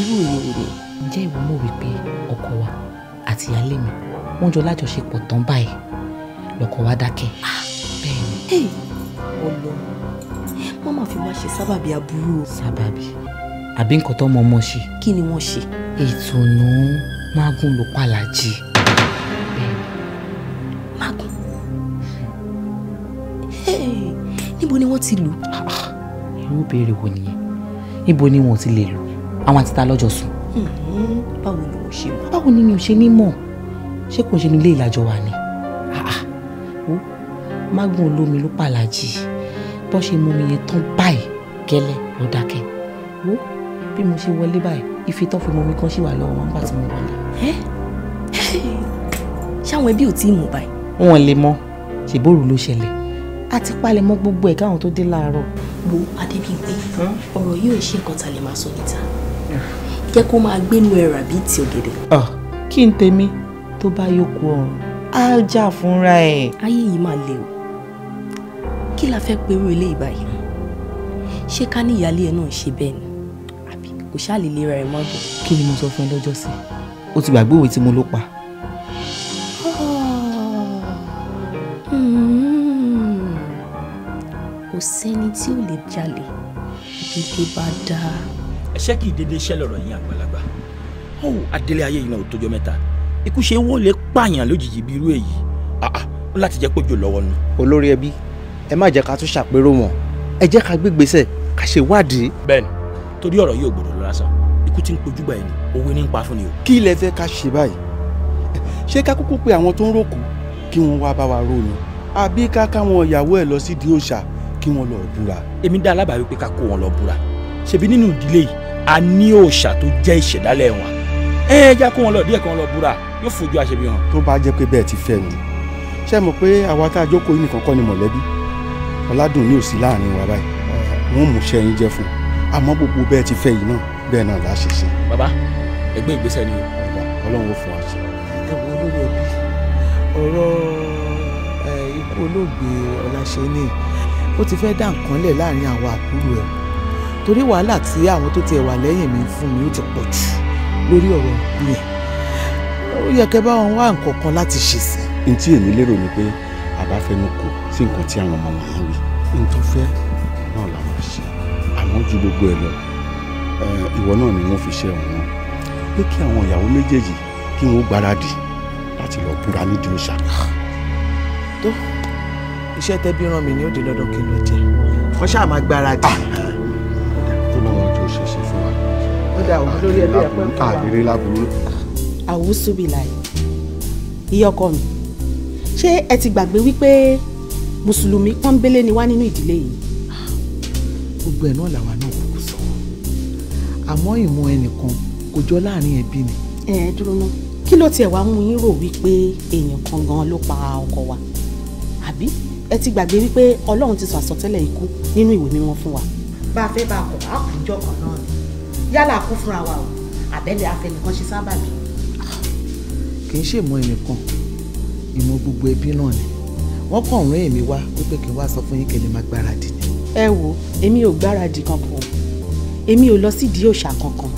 irú òye òye ǹjẹ́ ìwọ mọ̀ wípé ọkọ wa àti ìyáálé mi wọ́n jọ lájọṣepọ̀ tán báyìí lọ́kọ wa dákẹ́. Ah, bẹ́ẹ̀ ni. ọlọ́run má má fi wá ṣe sábàbí aburú o. sábàbí àbí nǹkan tó mọ ọmọ ṣe. kí ni wọ́n ṣe. ìtùnú magun ló pàlàjì. magun níbo ni wọ́n ti lù. irú ìbéèrè wo nìyẹn níbo ni wọ́n ti lè lù àwọn àti ta lọ́jọ́ sùn. báwo ni mo ṣe mọ̀. báwo ni mi ò ṣe ní mọ̀ ṣé kò ń ṣe ní ilé ìlàjọ wa ni. magun olómi ló pàlàjì bó ṣe mú mi yẹn tán báyìí gẹ́lẹ́ ló dákẹ́. 我。bí mo ṣe wọlé báyìí ìfitọ́ fi mọ omi kan ṣì wà lọ́wọ́ wọn nígbà tí mo wọlé. ṣáwọn ẹbí ò tí ì mọ̀ báyìí. wọn lè mọ ṣèbóòrù ló ṣẹlẹ̀ a ti palẹ̀ mọ́ gbogbo ẹ̀ káwọn tó dé láàárọ̀. wo adébíyí hmm? ọ̀rọ̀ yìí ò ṣe nǹkan ta lè máa sọ níta hmm. jẹ́ kó máa gbénu ẹ̀rà bíi ti ọ̀gẹ̀dẹ̀. kí n tèmi tó bá yókù ọ̀run á jà fúnra ẹ̀. ayé yìí máa le o kí la fẹ́ pẹ̀rú ilé ìbáyìí ṣé ká ní ìyáálé ẹ náà ṣe bẹ́ẹ̀ ni kò ṣáà lè lera ẹ̀ mọ́tò. kí ni mo sọ fún ẹ lọ́jọ́ sí ó ti gbàgbé òwe tí mo ló pa. Hmm. kò sẹ́ni tí ò lè jalè dédé bá dáa. ẹ̀ṣẹ̀ kì í dédé ṣẹ́ lọ́rọ̀ yín àgbàlagbà ó adélé ayé yìí náà ò tójọ́ mẹ́ta ikú ṣe wọ́n lè pààyàn lójijì bí irú èyí ah, ah, ó láti jẹ́ pójò lọ́wọ́ nu. olórí ẹbí ẹ má jẹ́ ká tún ṣàpérò wọn ẹ jẹ́ ká gbégbèsè ká ṣèwádìí. bẹ́ẹ̀ni torí ọ̀rọ̀ yóò gbọ́dọ̀ lọ lásán ikú tí ń pojú báyìí ni òwe ní ń pa fún ni o. kí ilẹ̀ fẹ́ ká ṣe báyìí ṣé ká kúkú pé àwọn tó ń ròkú kí wọ́n wá bá wa rò ni àbí ká káwọn ìyàwó ẹ̀ lọ sí di òòṣà kí wọ́n lọ búra. èmi dá alábàá wípé ká kó wọn lọ búra ṣèbí nínú ìdílé yìí a ní òòṣà tó jẹ́ ìṣẹ̀dálẹ̀ wọn ẹ ẹ já kó wọn lọ díẹ̀ kí wọ́n lọ búra yóò fojú àṣebí hàn. tó bá jẹ́ pé bẹ́ẹ̀ ti fẹ́ mi ṣé a jókòó yìí nìkan àmọ́ gbogbo bẹ́ẹ̀ ti fẹ́ yìí náà bẹ́ẹ̀ náà la ṣe ṣe. bàbá ẹgbẹ́ ìgbésẹ̀ ni o. bàbá ọlọ́run ó fún wa ṣe. ẹ wo olórí ẹbí ọ̀rọ̀ ikú olóògbé ọ̀làṣẹ́ni ó ti fẹ́ dá nǹkan lẹ̀ láàrin àwọn àbúrò ẹ̀ torí wàhálà tí àwọn tó tiẹ̀ wà lẹ́yìn mi fún mi ó ti pọ̀ jù lórí ọ̀rọ̀ yẹn ó yẹ kẹ́ bá wọn wá nǹkan kan láti ṣe sí. n tí èmi lérò ni pé àbáfẹnu kò sí nǹkan tí àwọn ọmọ wọ̀nyí wí n tó fẹ́ náà làwọn ṣe àmọ́ ju gbogbo ẹ lọ Eh, ìwọ náà ni wọ́n fi ṣe ọ̀hún náà pé kí àwọn ìyàwó méjèèjì kí wọ́n gbáradì láti lọ búra nídìí òòṣà. tó iṣẹ́ tẹ́bí rán mi ni ó di dandan kí n lọ jẹ wọ́n ṣáà máa gbáradì. tó ah! lọ́wọ́ tó ṣe ṣe fún wa. ó dà òun lórí ẹbí ẹ̀pẹ́ ń pa. àrírí láburú. àwùsù bìláì iye ọkọ mi ṣé ẹ ti gbàgbé wípé mùsùlùmí pọ́nbélé ni wá nínú ìdílé yìí. gbogbo ẹ̀ náà làwọn àmọ́ ìmọ̀ ẹnìkan kò jọ láàrin ẹbí ni. ẹ ẹ dúró ná kí ló tiẹ̀ wá mú yín rò wípé èèyàn kan gan ló pa ọkọ wa àbí ẹ ti gbàgbé wípé ọlọ́run ti sọ àsọtẹ́lẹ̀ ikú nínú ìwé mímọ́ fún wa. bá a fẹ́ bá a kọ̀ á kù jọ kan náà ni yálà kú fúnra wa o àbẹ́lẹ̀ afẹnìkan ṣe sábàbí. kì í ṣèmọ̀ ẹnìkan ìmọ̀ gbogbo ẹbí náà ni wọ́n kàn rán èmi wá wípé kí n wá sọ fún yín kí n lè má gbáradì ni. ẹ wo èmi ò gbáradì kankan èmi ò lọ sídìí òòṣà kankan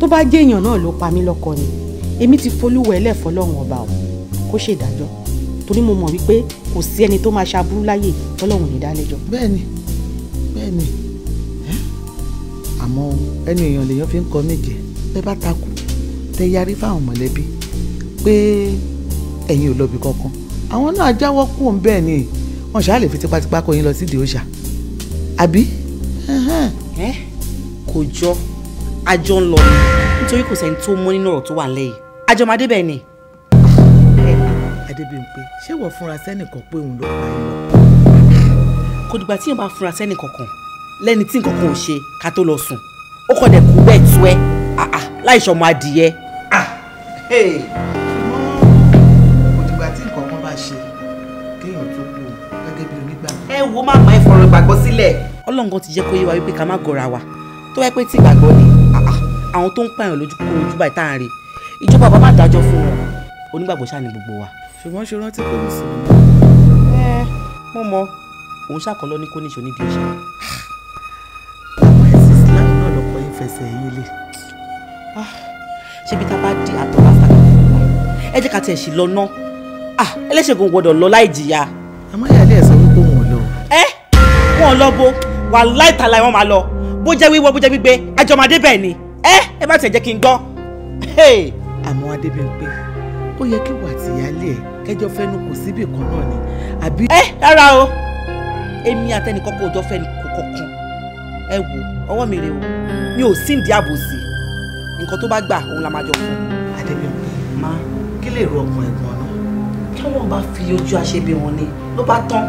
tó bá jẹ́ èèyàn náà ló pa mí lọ́kọ ni èmi ti folúwẹ̀ ẹlẹ́fọ́ lọ́rùn ọba o kó ṣèdájọ́ torí mo mọ̀ wípé kò sí ẹni tó máa ṣaburú láyè tọ́lọ́run ní dálẹ́jọ́. bẹ́ẹ̀ni bẹ́ẹ̀ni àmọ́ ẹni èèyàn lèèyàn fi ń kọ méje tẹ́ bá takú tẹ́ yarí fáwọn mọ̀lẹ́bí pé ẹ̀yin ò lọbi kankan àwọn náà jáwọ́ kú òun bẹ́ẹ̀ ni wọ́n ṣáà lè fi tipátipá kó yín lọ sídìí òòṣà àbí kò jọ àjọ ń lọ nítorí kò sẹ́ni tó mọ́ nínú ọ̀rọ̀ tó wà nílẹ̀ yìí àjọ máa débẹ̀ ni. adébíyànpé ṣé wọ́n fúnra sẹ́nìkan pé òun ló pa ẹ̀ lọ. kò dìgbà tí yẹn bá fúnra sẹ́nìkankan lẹ́ni tí nǹkan kan ò ṣe ká tó lọ sùn ó kọ́ dẹ̀ kú bẹ́ẹ̀ tú ẹ́ láì ṣọmọ adìyẹ. Ah, kò dìgbà tí nǹkan kan bá ṣe kéèyàn tó kú gẹ́gẹ́ bí onígbàgbọ́. ẹ wo má máa ń fọ̀rọ̀ gbàgbọ́ tó wáyé pé tí ìgbàgbọ́ ni àwọn tó ń pààyàn lójú kúrò ojú báyìí tá à ń rí ìjọba bàbá má dájọ́ fún wọn onígbàgbọ́ ṣáà ni gbogbo wa. ṣùgbọ́n ṣe rántí pé mùsùlùmí. ẹ mo eh, mọ òun ṣàkọlọ ní kó ní ìṣó nídìí ìṣe. àwọn ẹ̀sìn islam náà lọ́kọ̀ yín fẹsẹ̀ yín lé. Ah, ṣébi tá a bá di àtọ̀ bá fàkà ẹ jẹ́ ká tiẹ̀ sì lọ ná ah, ẹlẹ́ṣẹ̀ kò gbọ́dọ̀ lọ láì jìyà. àmọ́ ìyáálé ẹ̀ sọ wípé wọn ò lọ. ẹ eh, wọn ò lọ bo wàhálà wọn máa lọ bó jẹ́ wíwọ́ bó jẹ́ gbígbé àjọmọdé bẹ́ẹ̀ ni ẹ ẹ bá tẹ̀ jẹ́ kí n gbọ́. àmọ́ adébímpé ó yẹ kí wàá tìyálé ẹ kẹjọ fẹnu kò síbì kan náà ni àbí. ẹ rárá o èmi àtẹnìkan kò jọ fẹnu kò kọkàn ẹ wò ọwọ́ mi rè o mi ò sí ìdí àbòsí nǹkan tó bá gbà òun la máa jọ fún. adébímpé máa kí lè rọ ọkàn ẹ̀gbọ́n náà kí wọ́n bá fi ojú àṣebí wọn ni ló bá tán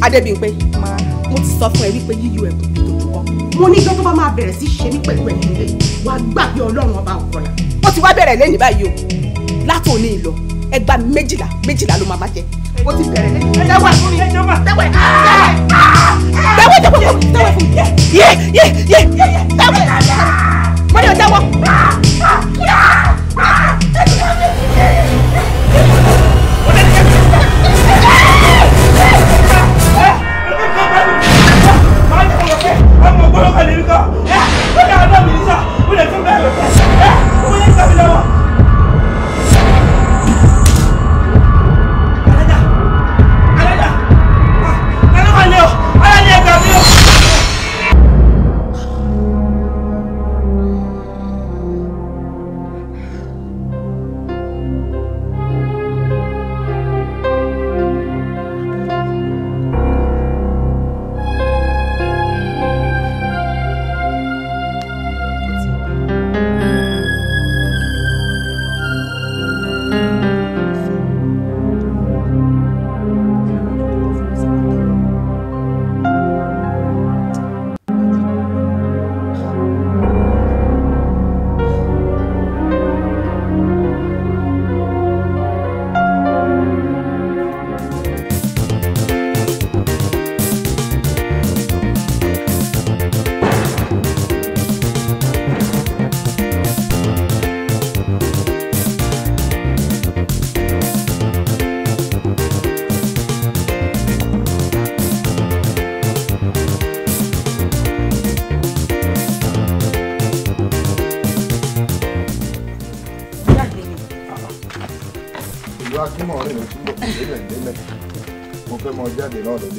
adébíyìnpé mo ti sọ fún ẹ wípé yíyọ ẹ kò bí tòjú bọ mo ní gbọ́dọ̀ bá máa bẹ̀rẹ̀ sí ṣe ní pẹ̀lú ẹ̀yìn ilé wa gbà pé ọlọ́run ọba ọ̀kọ̀lá ó ti wá bẹ̀rẹ̀ lẹ́yìn báyìí o látò ní ìlọ ẹgbà méjìlá méjìlá ló máa má jẹ ó ti bẹ̀rẹ̀ lẹ́yìn tẹ́wẹ̀ fún mi tẹ́wẹ̀ tẹ́wẹ̀ tẹ́wẹ̀ fún mi tẹ́wẹ̀ fún mi yé yé yé tẹ́wẹ̀ mọ́ni ọ̀jáwọ́. ọlọ́pàá lè rí kọ́ ẹ́ ó yà á náà mi ní sá ó lè tún bẹ́ẹ̀ lọ́pàá ẹ́ ó yẹ kábílẹ̀ wọn.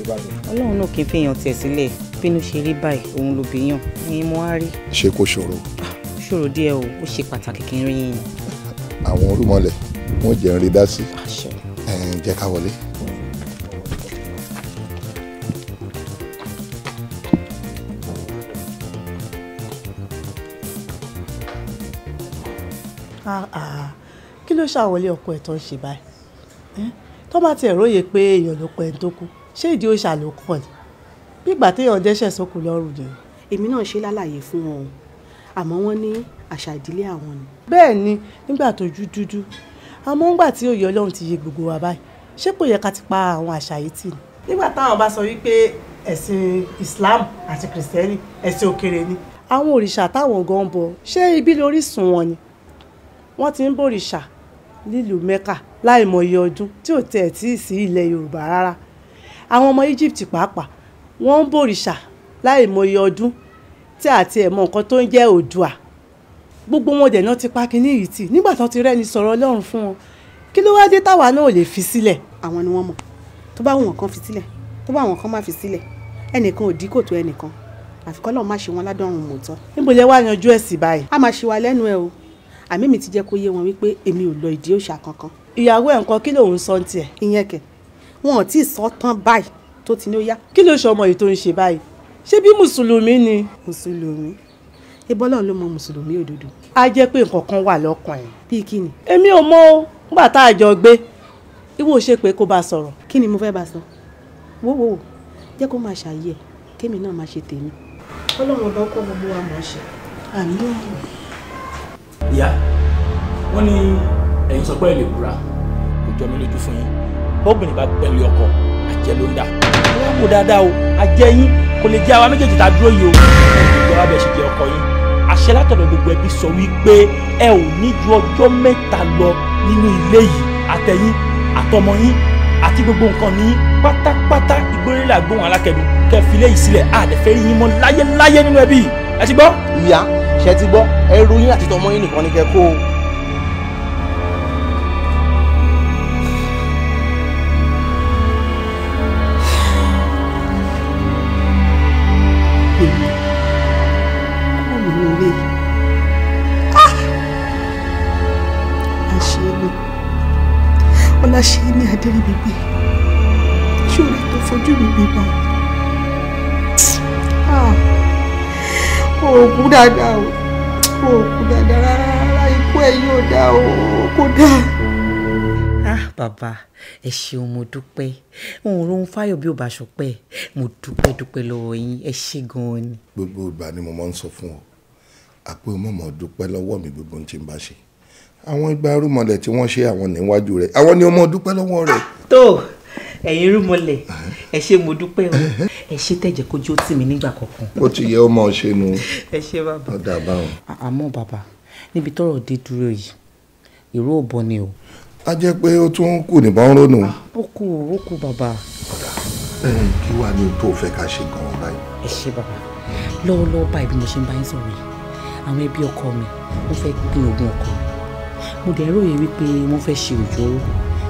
bá mi. ọlọ́run náà kì í fèèyàn tiẹ̀ sílẹ̀ bínú ṣe rí báyìí òun ló bí yàn ẹ̀yin mo ṣé kò ṣòro. Ah, ṣòro díẹ̀ o ó ṣe pàtàkì kí n rí yín. àwọn olúmọlẹ̀ wọn jẹ ń rí dá sí i jẹ ká wọlé. Ah, ah. kí ló ṣàwọlé ọkọ ẹ̀ tó ń ṣe báyìí tó bá tiẹ̀ róye pé èèyàn ló pẹ́ ń tó kú ṣé ìdí òòṣà ló kọ ni bí ìgbà téèyàn dẹ́ṣẹ̀ sókù lọ́rùn ni. èmi náà ṣe lálàyé fún wọn àmọ́ wọ́n ní àṣà ìdílé àwọn ni. bẹ́ẹ̀ ni nígbà tó ju dúdú àmọ́ ńgbà tí òye ọlọ́run ti yẹ gbogbo wa báyìí ṣé kò yẹ ká ti pa àwọn àṣà yìí tì ní. nígbà táwọn bá sọ wípé ẹ̀sìn Islam àti kìrìsìtẹ́nì ẹ̀sìn òkèrè ni àwọn òrìṣà táwọn gan bọ ṣé ibi lóríṣun wọn ni wọ́n ti ń bọ nílùú Mẹ́kà láìmọye ọdún tí ò tẹ̀ tí ì sí ilẹ̀ Yorùbá rárá àwọn ọmọ Egypt pàápàá wọ́n ń bòrìṣà láì mọye ọdún tí àti ẹ̀mọ nǹkan tó ń jẹ́ Oòduà gbogbo wọn dẹ̀ náà ti pa kínní yìí tì nígbà tó ti rẹ́ni sọ̀rọ̀ Ọlọ́run fún wọn kí ló wá dé táwa náà lè fi sílẹ̀. àwọn ni wọ́n mọ̀ tó bá wọn kan fi sílẹ̀ tó bá wọn kan má fi sílẹ̀ ẹnìkan ò dí kòtò ẹnìkan àfikọ́ lọ́ọ́ má ṣe wọn ládọ́run mọ̀tọ́. níbo lẹ wá yanjú ẹ̀ sí báyìí. a máa ṣe wa lẹ́nu ẹ o àmì mi ti jẹ́ kó yé wọn wípé èmi ò lọ ìdí òòṣà kankan. ìyàwó ẹ̀ nǹkan kí lòun sọ ń tiẹ̀. ìyẹn kẹ̀ wọn ò tí ì sọ tán báyìí tó ti ní ó yá. kí ló ṣe ọmọ yìí tó ń ṣe báyìí ṣé bí mùsùlùmí ni. mùsùlùmí ebọ́lá ló mọ mùsùlùmí òdodo. a jẹ́ pé nǹkan kan wà lọ́kàn ẹ̀. bíi kí ni. èmi ò mọ o nígbà tá a jọ gbé ìwọ ṣe pé kó bá a sọ̀rọ̀. kí ni mo fẹ́ bá a sọ wò wò jẹ́ kó máa ṣàyẹ̀ kémi náà máa ṣe tèmi. ọlọ́run ọba ọkọ gbogbo wa mọ̀ ọ́ ṣe. àmì ló ń bọ̀. ìyá wọn ní ẹ̀yin sọ pé ẹ lè búra kò jọ mí lójú fún yín bọ́bìnrin bá gbẹ̀lẹ̀ ọkọ àjẹ ló ń dà wọ́n kò dáadáa o àjẹ yín kò lè jẹ́ àwa méjèèjì tá a dúró yìí o ìjọba bẹ̀ ṣe jẹ ọkọ yín àṣẹ látọ̀dọ̀ gbogbo ẹbí sọ wípé ẹ ò ní ju ọjọ́ mẹ́ta lọ nínú ilé yìí àtẹ̀yìn àtọmọ yín àti gbogbo nǹkan ní pátápátá ìgbórílà gbóhùn alákẹ́dùn kẹfìlẹ yìí sílẹ̀ àdẹfẹ yín mọ́ láyéláyé nínú ẹbí ẹ ti gbọ́. ìyá ṣe ti gbọ́ ẹrú yín àti tọmọ yín nìkan ni kẹ kó o ọláṣẹ ní adẹrìbíbí ṣòro tó fojú mi bíbá ah, oògùn dáadáa o oògùn dáadáa rárá ikú ẹ yóò dá o kò dáa. ah bàbá ẹ ṣeun mo dúpẹ́ òun ló ń fáyọ̀ bí ò bá ṣọpẹ́ mo dúpẹ́ dúpẹ́ lọ́wọ́ yín ẹ ṣe gan-an ni. gbogbo ìgbà ni mo máa ń sọ fún ọ àpò mọ̀mọ́ dúpẹ́ lọ́wọ́ mi gbogbo ohun tí ń bá ṣe àwọn igba arúmọlẹ̀ tí wọ́n ṣe àwọn níwájú rẹ̀ àwọn ni ọmọ dúpẹ́ lọ́wọ́ rẹ̀. Ah, tó ẹ̀yin rúmọlẹ̀ ẹ ṣé mo dúpẹ́ o ẹ ṣé tẹ̀jẹ̀ kójú ó tì mí nígbà kọ̀ọ̀kan. ó ti yẹ ọmọ ṣe nu. ẹ ṣé bàbá. ọ̀dà báwọn. àmọ́ bàbá níbi tọ́rọ̀ dé dúró yìí ìró òbọ ni o. a jẹ́ pé ó tún kù níbọn rónú. Ah, ó kù ó kù bàbá. ọ̀dà kí wàá ní tó fẹ́ ká ṣe gan-an báyìí. ẹ ṣé bàbá lọ́wọ́lọ́wọ́ báyìí bí mo ṣe ń bá yín sọ̀rọ̀ yìí àwọn ẹbí ọkọ mi wọ́n fẹ́ gbin ogún ọkọ mi mo dẹ̀ ròyìn wípé wọ́n fẹ́ ṣe òjò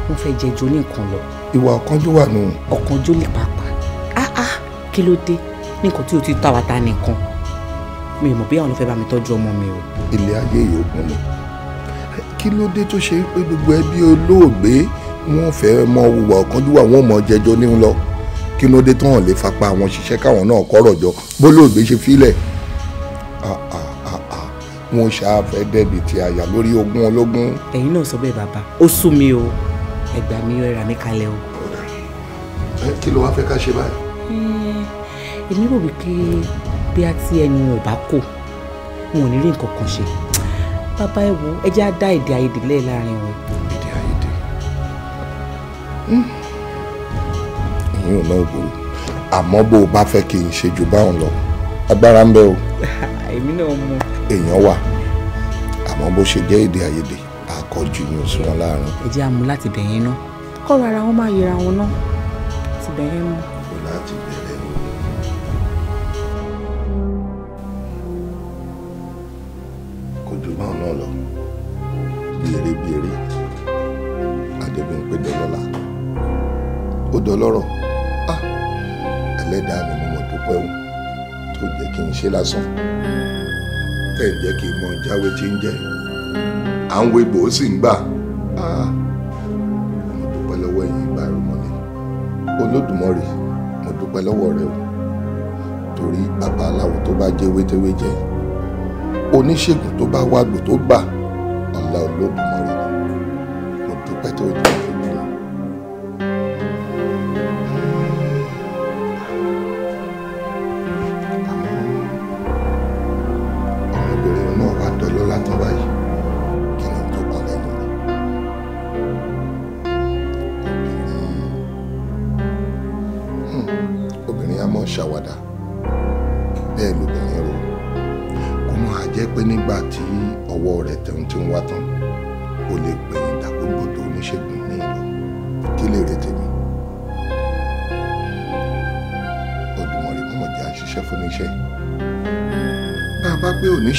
wọ́n fẹ́ jẹjọ ní nǹkan lọ. ìwà ọ̀kánjú wà nù. ọ̀kánjú lè pàápàá ah ah kí ló dé nǹkan tí o ti tà wá ta nìkan mi ò mọ̀ bí àwọn ló fẹ́ bá mi tọ́jú ọmọ mi o. ilé ayé ìyókùn ni kí ló dé tó ṣe pé gbogbo ẹbí olóògbé wọn fẹ́ mọ ìwà ọ̀kánjú wà wọn mọ jẹjọ ní lọ kí ló dé tó hàn lè fapá àwọn ṣiṣẹ́ káwọn náà kọ́rọ̀ jọ bólóògbé ṣe fílẹ̀ ah ah wọn ṣàfẹ́ dẹ̀bi ti àyà lórí ogún ológun. ẹ̀yin náà sọ bẹ́ẹ̀ bàbá ó sú mi o ẹgbà mi ò rà mí kalẹ̀ o. kí ló wá fẹ́ ká ṣe báyìí. èmi rò wípé bí a ti ẹnu ò bá kò wọn ò ní rí nǹkan kan ṣe bàbá ẹ wo ẹ jẹ́ á dá èdè àìyedè lẹ́ẹ̀ láàrin wọn. èdè àìyedè hmm. ẹ̀yin ò náà gbòòrò àmọ́ bó o bá fẹ́ kí n ṣe jù báwọn lọ agbára ń bẹ o. èmi náà mọ̀ èèyàn wà àmọ́ bó ṣe jẹ́ èdè àìyedè àkọ́jú yín òsùn wọn láàrin. ẹ jẹ́ àmú láti bẹ̀yẹn ná kọ́ra ara wọn máa yẹra wọn náà ti bẹ̀yẹn mú. kò láti bẹ̀rẹ̀ o. kò jù báwọn náà lọ bí eré bí eré ẹlẹ́dàá mi mo dúpẹ́ o tó jẹ́ kí n ṣe lásán kì í mọ jáwé tí ń jẹ́ à ń wo ibò ó sì ń gbà á mo dúpẹ́ lọ́wọ́ ẹ̀yin ìgbà ìrùmọ̀lẹ́ olódùmarè mo dúpẹ́ lọ́wọ́ rẹ o torí bàbá aláwo tó bá jẹ́ wétéwé jẹ oníṣègùn tó bá wàgbò tó gbà ọ̀la olódùmarè.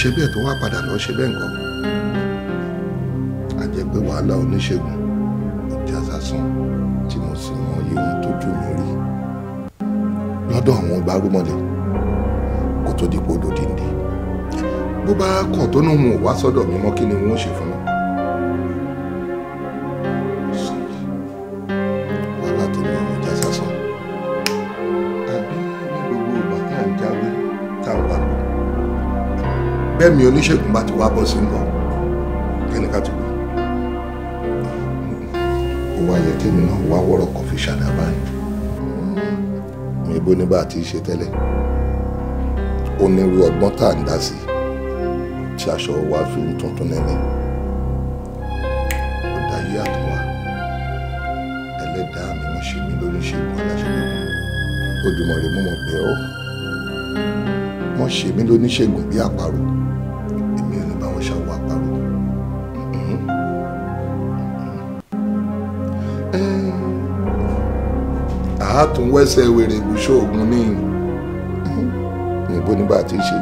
ṣe bẹ́ẹ̀ tó wá padà lọ ṣe bẹ́ẹ̀ nǹkan a jẹ́ pé wàhálà oníṣègùn ìjà sásán tí mo sì mọ iye ohun tó jù mí rí lọ́dọ̀ àwọn gbárùmọ̀lẹ̀ kó tó di pé odò dìndín bó bá kàn tó náà wọn wá sọ́dọ̀ mi kí ni wọ́n ṣe fún mi. bẹ́ẹ̀ mi oníṣègùn bá ti wá bọ́ sí nǹkan kíni ká tó gbé ó wá yẹ kémi náà wá wọ́rọ̀ kan fi ṣàdábà ni mi ìbò ní bá a ti ṣe tẹ́lẹ̀ ó ní irú ọgbọ́n tá à ń dá sí tí aṣọ wa fi ń tuntun nẹ́ni ọ̀dà yìí àtúwà ẹlẹ́dàá mi wọ́n ṣe mí lórí ìṣègùn aláṣẹ́gbẹ̀mọ́ Ojúmọ́ rẹ̀ mú mọ̀ pé ọ́ wọ́n ṣe mí lóníṣègùn bí àparò. àtúnwẹ́sẹ̀ wèrè ìbùsọ̀ ògùn ní ìbò nígbà tí í ṣe.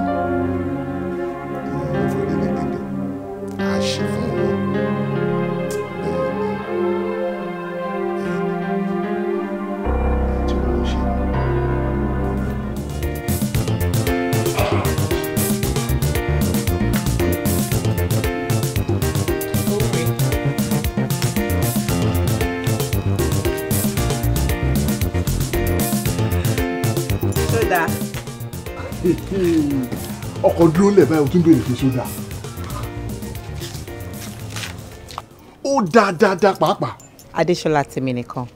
o dúró lẹ̀ báyìí o tún béèrè pé sódà ó dáa dáadáa pàápàá. adéṣọlá tèmi nìkan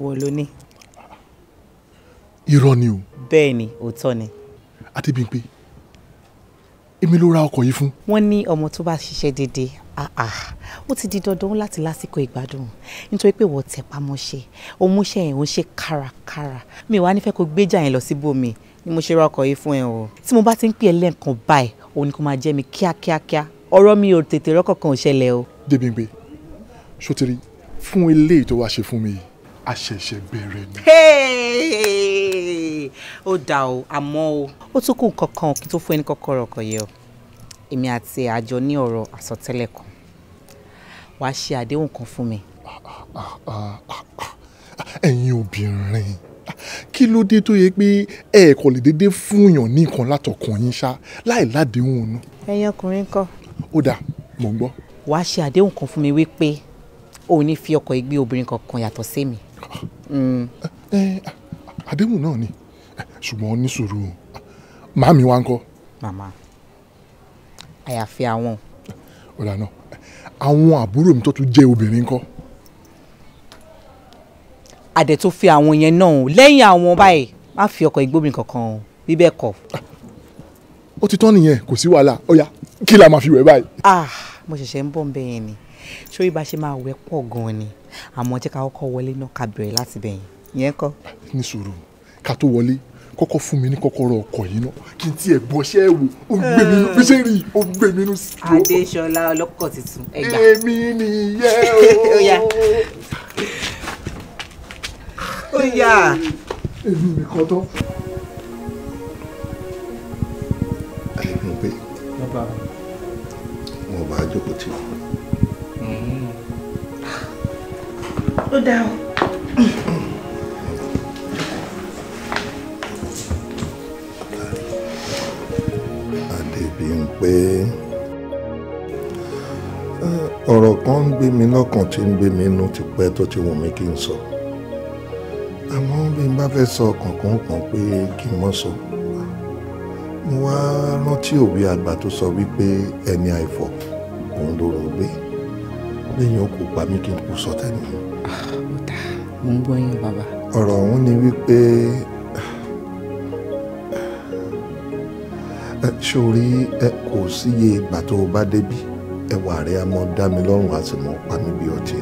wo ló ní. irọ́ ni o. bẹ́ẹ̀ ni òótọ́ ni. adébímpé èmi ló ra ọkọ̀ yìí fún. wọ́n ní ọmọ tó bá ṣiṣẹ́ déédéé ó ti di dandan láti lásìkò ìgbádùn nítorí pé wọ́n tẹ̀ pamọ́ ṣe O múṣẹ́ yẹn òun ṣe kárakára mi wàá nífẹ̀ẹ́ kó gbéjà yẹn lọ síbòmí ni mo ṣe ra ọkọ̀ yìí fún ẹ o tí mo bá ti ń pè ẹ lẹ́ẹ̀kan báyìí òun ni kò máa jẹ́ mi kíákíákíá ọ̀rọ̀ mi ò tètè rọ́kọ̀kan ò ṣẹlẹ̀ o. débìngbé sotiri fún eléyìí tó wá ṣe fún mi a ṣẹ̀ṣẹ̀ ni. ó dà o àmọ́ o ó tún kù nǹkan kí n tó fún ẹni kọ́kọ́ rọ̀kọ̀ yẹ o èmi àti àjọ ní ọ̀rọ̀ àsọtẹ́lẹ̀ kan wàá ṣe àdéhùn kan fún mi. Ah, ah, ah, ẹ̀yin obìnrin kí ló dé tó yẹ pé ẹ kò lè déédéé fún yàn ní nǹkan látọkàn yín ṣá láì ládéhùn ọ̀nà. ẹ̀yin ọkùnrin kọ́. ó dà mò gbọ́. wàá ṣe àdéhùn kan fún mi wípé o ò ní fi ọkọ̀ ìgbé obìnrin kankan yàtọ̀ sí mi. Mm. àdéhùn náà ni ṣùgbọ́n ní sùúrù màámi wa ń kọ́. màmá àyàfi àwọn. ó dà náà àwọn àbúrò mi tó tún jẹ́ obìnrin kọ́ àdẹ̀ tó fi àwọn yẹn náà o lẹ́yìn àwọn báyìí má fi ọkọ̀ igbómi kankan o bí bẹ́ẹ̀ kọ́. ó ti tán nìyẹn kò sí wàhálà ó yá kí la máa fi wẹ̀ báyìí. ah mo ṣẹ̀ṣẹ̀ ń bọ̀ ń bẹ̀yẹn ni sórí bá ṣe máa wẹ̀ pọ̀ gan-an ni àmọ́ jẹ́ ká kọ́kọ́ wọlé náà ká bẹ̀rẹ̀ láti bẹ̀yìn yẹn kọ́. ní sùúrù ká tó wọlé kọ́kọ́ fún mi ní kọ́kọ́rọ́ ọkọ̀ yìí náà kí n tiẹ̀ bọ́ ṣẹ́ ẹ̀ wò ó gbé mi nú bíṣẹ́ rí ó gbé mi nú. Adéṣọlá ọlọ́kọ̀ tuntun ẹ̀gbà. èmi nìyẹn o ó yà. èmi nìkan tán. àìmọ̀ pé mo bá jókòó tì í. Mm-hmm. ó dáa o. àdèbí ń pé ọ̀rọ̀ kan ń gbé mi lọ́kàn tí ń gbé mi inú tipẹ́ tó ti wù mí kí n sọ. So àmọ́ bí n bá fẹ́ sọ kankan kan pé kí n mọ̀ sọ mo wá rántí òwe àgbà tó sọ wípé ẹni àìfọ̀ òun ló rò gbé lẹ́yìn ó kò pa mí kí n kú sọtẹ́ nù. Ah, ó dà mo ń gbọ́ yín bàbá. ọ̀rọ̀ ọ̀hún ni wípé sórí ẹ kò síye ìgbà tó o bá débi ẹwà rẹ a mọ dá mi lọ́rùn a sì mọ pa mí bí ọtí.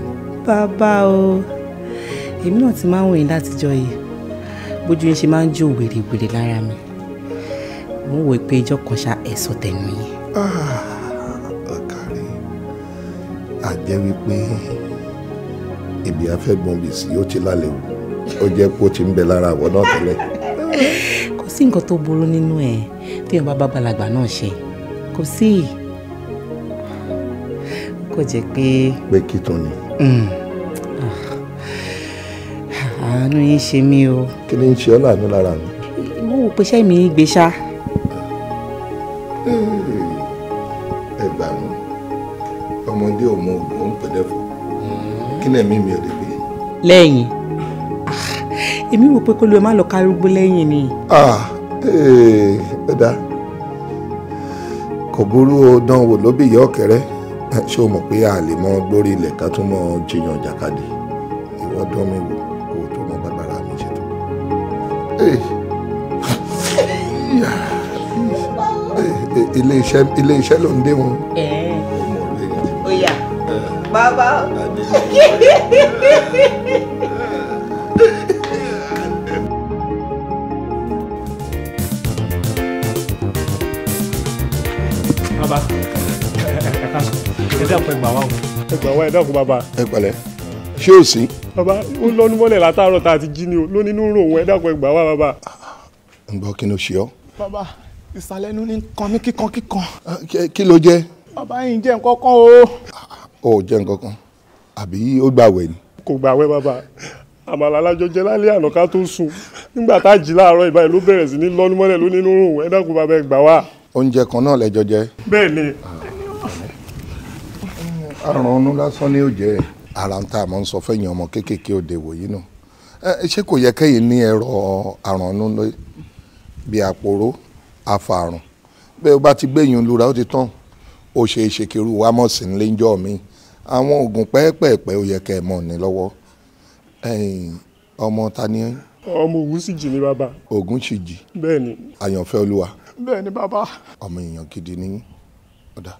bàbá o èmi náà ti máa ń wòye látijọ́ yìí bójú ń ṣe máa ń jó wèrèwèrè lára mi mo wò pé ìjọ kan ṣá ẹ̀sọ́ tẹ̀nu yìí. Ah, ọ̀kàrí àjẹ́ wípé ibi afẹ́gbọ́n bì sí ó ti lálẹ́ o ó jẹ́ pé ó ti ń bẹ lára àwọ̀ náà tẹ́lẹ̀. kò sí nǹkan tó burú nínú ẹ̀ tí wọn bá balàgbà náà ṣe kò sí kò jẹ́ pé. pé kí tó ni. Mm àánú yín ṣe mí o. kí ni ń ṣe ọ́ láàánú lára mi. mo wò pé iṣẹ́ mi ń gbé ṣá. ẹ gbà mí ọmọdé ò mọ ògùn pẹ̀lẹ́fọ̀ kí ni ẹ̀mí mi ò lè gbé. lẹ́yìn èmi rò pé kó ló ẹ má lọ kárúgbó lẹ́yìn ni. ẹ ah, dáa kò burú o dán wò ló bí ìyá ọ̀kẹ́rẹ́ ṣé o mọ̀ pé a lè mọ gbórí ilẹ̀ ká tún mọ jiyàn jàkadì ìwọ mi wò ilé iṣẹ́ ilé iṣẹ́ ló ń dé wọn. oya bàbá o. bàbá ẹ ká sọ ẹ dákun ẹ gbà o. ẹ gbà wá ẹ dákun bàbá. ẹ pẹ̀lẹ́ ṣé o sí bàbá ó lọ́nu mọ́lẹ̀ látàárọ̀ tá a ti jí ni o lónìí inú ròhún ẹ dákun ẹ gbà wá bàbá. ń gbọ́ kí ló ṣe ọ́. bàbá ìsàlẹ̀ inú ní kan ní kíkan kíkan. kí ló jẹ́. bàbá yìí jẹ́ nǹkan kan o. ó jẹ́ nǹkan kan àbí ó gbàwẹ̀ ni. kò gbàwẹ̀ bàbá àmàlà alájọ jẹ lálẹ́ àná ká tó sùn nígbà tá a jí láàárọ̀ ìbáyìí ló bẹ̀rẹ̀ sí ní lọ́nu mọ́lẹ̀ lónìí inú ròhún ẹ dákun bàbá ẹ gbà wá. oúnjẹ kan náà lẹ́jọ́ jẹ. bẹ́ẹ̀ ni. àrùn ọ̀nù lásán ni ó jẹ́ ẹ̀ ara ń tá a mọ̀ ń sọ fẹ́yìn ọmọ kéékèèké òde wòyí nù ṣé kò yẹ kẹ́yìn ní ẹ̀rọ àrànú bíi àpòró afàrùn bẹ́ẹ̀ bá ti gbẹ̀yìn lura ó ti tán ó ṣe é ṣe kiri wa mọ̀ sí nílé ńjọ́ mi àwọn oògùn pẹ́ẹ́pẹ́ẹ́pẹ́ ó yẹ kẹ́ ẹ mọ̀ ní lọ́wọ́ ọmọ ta ni. ọmọ ogun sì jì ní bàbá. ogun sì jì. bẹ́ẹ̀ni. àyànfẹ́ olúwa. bẹ́ẹ̀ni bàbá. ọmọ èèyàn gidi ni ọ̀dà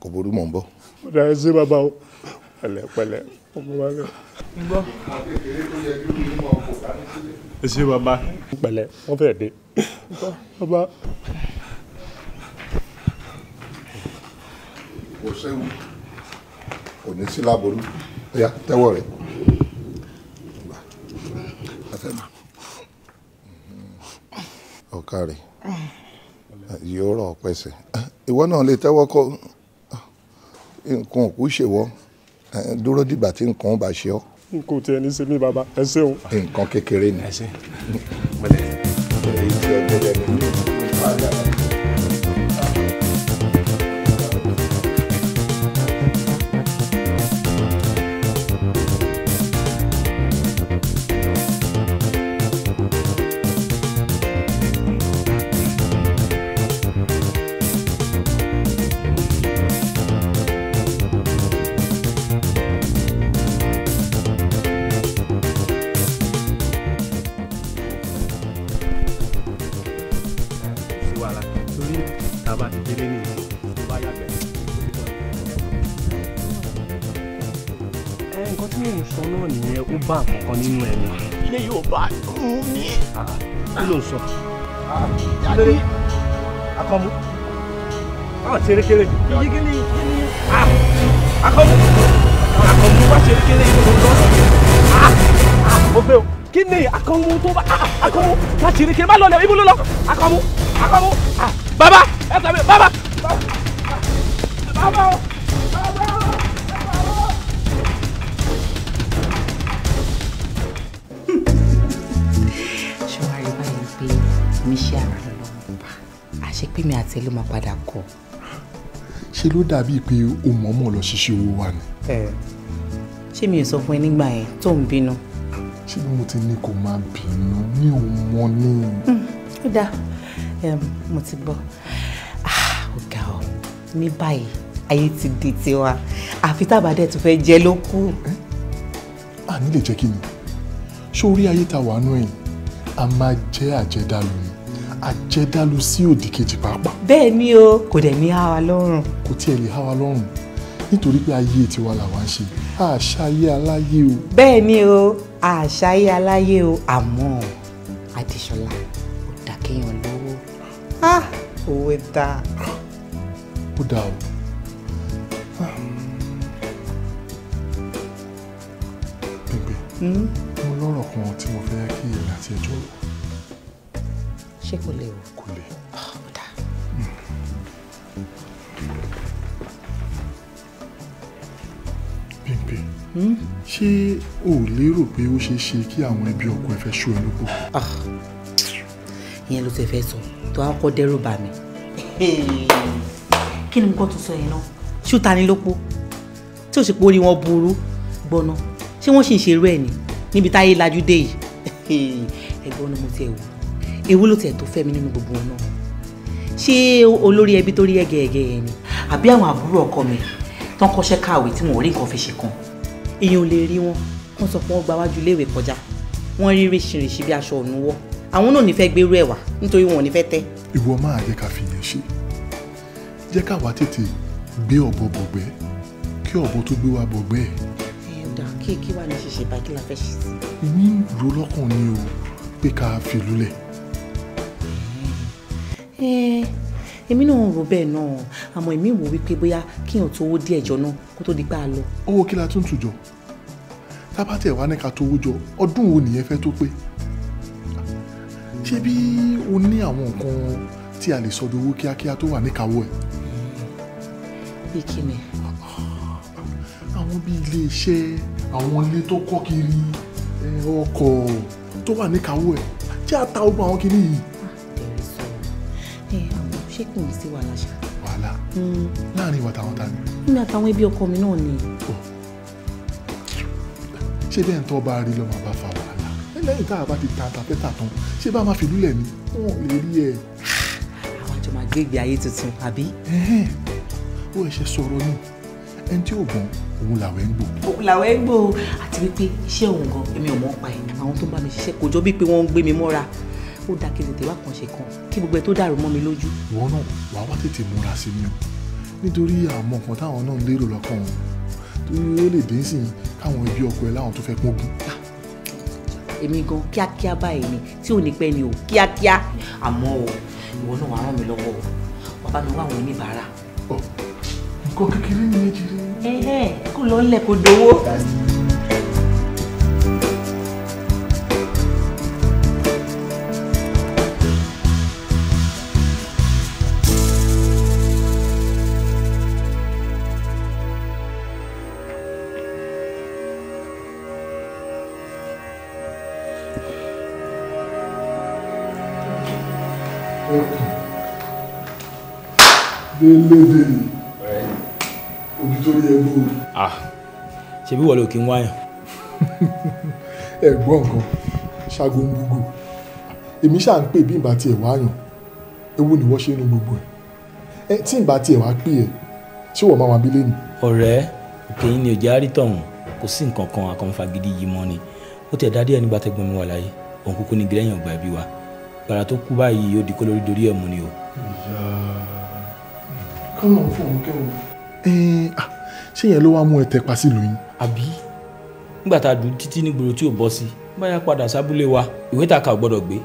kò burú mọ̀ ń bọ̀. ọ̀dà ẹ ṣe bàbá o pẹ̀lẹ́pẹ̀lẹ́ ọmọ wa bẹ. gbọ́. ẹ ṣe bàbá. pẹ̀lẹ́ wọ́n fẹ́ẹ̀ dé. bàbá. kò séwu kò ní sí láboru ya tẹ́wọ́ rẹ̀. ọ̀ka rẹ̀ yóò rọ̀ pẹ̀sẹ̀ ìwọ náà lè tẹ́wọ́ kọ́ nǹkan òkú ṣèwọ́ dúró dìgbà tí nǹkan ó bá ṣe ọ́. n kò tiẹ̀ ní sinmi bàbá ẹ ṣeun. nǹkan kékeré ni. ẹ ṣe. nínú ẹ̀mí. ilé yóò bá mú mi. Ah. kí ló ń sọ. Ah. lórí akọmu báwọn ṣe erékeré. yìí kí ni kí ni. akọmu ah. akọmu bá ṣe erékeré yìí ló ń lọ. ó fẹ́ o kí ni akọmu tó bá akọmu bá ṣe erékeré má lọ lẹ ibú ló lọ akọmu akọmu baba ẹ tàbí baba. ẹsẹ̀ ló máa padà kọ̀. ṣe ló dàbíi pé o mọ̀ọ́mọ̀ lọ ṣiṣẹ́ owó wa ni. ṣé mi ò sọ fún ẹ nígbà yẹn tó ń bínú. ṣé mo ti ní kó máa bínú mi ò mọ ní. Hmm, ó dáa mo ti gbọ́ ah, ó ga ọ ní báyìí ayé ti di tiwa àfi tábàdẹ̀ tó fẹ́ jẹ ló kù. àní lè jẹ́ kí ni sórí ayé ta wà nù a máa jẹ́ àjẹdàlù ni àjẹdàlù sí òdì kejì pàápàá bẹ́ẹ̀ ni o kò dẹ̀ ní háwa lọ́rùn. kò tiẹ̀ lè háwa lọ́rùn nítorí pé ayé tiwa làwa ń ṣe àṣà ayé aláyé o. bẹ́ẹ̀ ni o àṣà ayé aláyé o àmọ́ Adéṣọlá ó dà kéèyàn lówó òwe ta. ó dà o. Hmm? mo lọ́rọ̀ kan tí mo fẹ́ kí èèyàn àti ẹjọ́ rò. ṣé kò lè o. kò lè. Hmm? ṣé o ò lérò pé ó ṣeé ṣe kí àwọn ẹbí ọkọ ẹ fẹ́ ṣó ẹ lóko. Ah, ìyẹn ló ti fẹ́ sọ tó a kọ́ dẹ́rù bà mí. kí ni mo kọ́ tó sọ yẹn náà ṣé o ta ni lópo tí o sì pori wọn burú gbọ́nà ṣé wọ́n sì ń ṣerú ẹ̀ ni níbi táyé lajú dé yìí ẹ̀gbọ́n ni mo ti ẹ̀ wò ewu ló tiẹ̀ tó fẹ́ mi nínú gbogbo wọn náà ṣé olórí ẹbí tó rí ẹ̀gẹ̀ẹ̀gẹ̀ yẹn ni àbí àwọn àbúrò ọkọ mi tán kọ́ṣẹ́ kàwé tí wọn rí nǹkan fi ṣe kan èèyàn ò lè rí wọn kán sọ pé wọ́n gba wájú iléèwé kọjá wọ́n rí ríṣiríṣi bí aṣọ òun wọ̀ àwọn náà ò ní fẹ́ gbérú ẹ̀ wá nítorí wọn ò ní fẹ́ tẹ́. ìwọ máa yẹ ká fi yẹn ṣe jẹ́ káwa tètè gbé ọ̀bọ bọ̀gbẹ́ kí ọ̀bọ tó gbé wa bọ̀gbẹ́ ẹ̀. ẹ dà kí kí wàá ní ṣiṣẹ́ bá kí la fẹ́ ṣe sí. ní ìró lọ́kàn ni o pé ká fi lulẹ̀. ẹ ẹ èmi náà ń rò bẹ́ẹ̀ náà àmọ́ èmi wò wípé bóyá kíyàn tó owó díẹ̀ jọ náà kó tó di pa á lọ. owó kí la tún tù jọ tábàtì ẹ̀wá ní ká tó owó jọ ọdún wo nìyẹn fẹ́ tó pé ṣé bí o ní àwọn nǹkan tí a lè sọdọ owó kíákíá tó wà níkàáwọ́ ẹ̀. bí kí ni. àwọn bíi iléeṣẹ́ àwọn ilé tó kọ́ kiri ọkọ̀ tó wà níkàáwọ́ ẹ̀ jẹ́ àtàwọn àwọn kiri yìí ṣé kò ní sí wàhálà ṣá. wàhálà hmm. láàrin ìwà táwọn ta ni. nígbà táwọn ẹbí ọkọ mi náà ni. ṣé bẹ́ẹ̀ ń tọ́ bá rí lọ́mọ bá fa wàhálà lẹ́yìn tá a bá ti ta àtàpẹ́tà tán ṣé bá máa fìlú lẹ̀ ni wọ́n lè rí ẹ̀. àwọn àjọ máa gbé ìgbé ayé tuntun àbí. ó ẹ̀ṣẹ̀ sọ̀rọ̀ yìí ẹni tí ò gbọ́n òun làwẹ̀ ń gbò. òun làwẹ̀ ń gbò àti wípé iṣẹ́ òun gan èmi ò mọ̀ pa ẹ̀ àwọn tó bá mi ṣiṣẹ́ kò jọ bíi pé wọ́n ń gbé mi mọ́ra ó da kí n tètè wá kàn ṣe kan kí gbogbo ẹ tó dàrú mọ́ mi lójú. ìwọ náà wàá wá tètè múra sí mi o nítorí àmọ́ nǹkan táwọn náà ń lérò lọ́kàn wọn torí ó lè dín sí káwọn ẹbí ọkọ ẹ láwọn tó fẹ́ pọ́n gùn. Ah, èmi gan kíákíá báyìí ni tí ò ní pẹ́ ni o kíákíá àmọ́ o ìwọ náà wàá ràn mí lọ́wọ́ o wàá bá mi wá àwọn oníbàárà. nǹkan kékeré ni ẹ jẹ. ẹ ẹ kó lọ ń lẹ kó dowó. léde ni òbí tó rí ẹgbẹ́ òbí. Ah, ṣebí wọ́n ló kí n wáyàn. ẹ̀gbọ́n kan ṣaago ń gbogbo èmi ṣáà ń pè bí ìgbà tiẹ̀ wáyàn ewu ni wọ́n ṣe nínú gbogbo ẹ̀ tí ìgbà tiẹ̀ wá pè ẹ̀ ṣé wọ́n máa wà bí lẹ́nu. ọ̀rẹ́ òkè yín ni òjá rí tọ̀hún kò sí nǹkan kan àkànfàgídí yìí mọ́ ni ó tẹ̀ dádé ẹni gbà tẹ́gbọ́n mi wà láyé òun kúkú ní gírẹ́yìn ọ̀gbà ẹbí wa gbàrà tó kú báyìí ó di kólórí dorí ẹ̀ mú ni o. ìyá kọ́nà fún òun kẹ́wọ̀n. ṣé yẹn ló wá mú ẹ tẹpa sílùú yín. àbí nígbà tá a dùn títí nígboro tí ò bọ́ sí báyà padà sábúlé wa ìwé tàka ò gbọ́dọ̀ gbé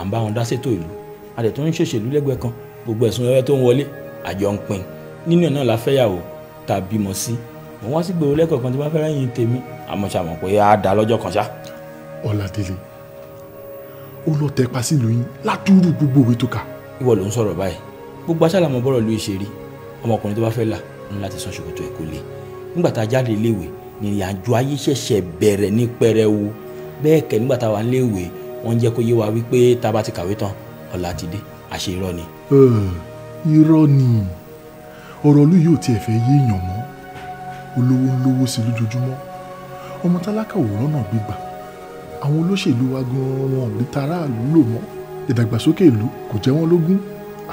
à ń bá wọn dá ṣètò ìlú a dẹ̀ tó ń ṣèṣèlú lẹ́gbẹ̀ẹ́ kan gbogbo ẹ̀sùn ẹ̀rẹ́ tó ń wọlé àjọ ń pin nínú ẹ̀ náà la fẹ́yàwó tá a bímọ sí mo wá sí gbèrò lẹ́kọ̀ọ́ kan tí wọ́n fẹ́ rẹ́yìn tèmi àmọ́ ṣàmọ̀ pé a dá lọ́jọ́ kan ṣá. ọ̀làdélé ó lọ tẹpa sílùú yín ládùúrú gbogbo òwe tó kà. ìwọ ló ń sọ̀rọ̀ báyìí gbogbo lu ìṣeré ọmọkùnrin tó bá fẹ́ là ń láti san ṣòkòtò ẹ̀ kó lè nígbà tá a jáde iléèwé ni ìrìnàjò ayé ṣẹ̀ṣẹ̀ bẹ̀rẹ̀ ní pẹrẹwu bẹ́ẹ̀ kẹ̀ nígbà tá a wà níléèwé wọ́n jẹ́ kó yé wa wípé tá a bá ti kàwé tán ọ̀la ti dé àṣé irọ́ ni. irọ́ ni ọ̀rọ̀ olú yóò tiẹ̀ fẹ́ yéèyàn mọ́ olówó ń lówó sí lójoojúmọ́ ọmọ tálákà ò rọ́nà gbígbà àwọn olóṣèlú wa gan wọn ò rí taráàlú lò mọ́ ìdàgbàsókè ìlú kò jẹ́ wọ́n lógún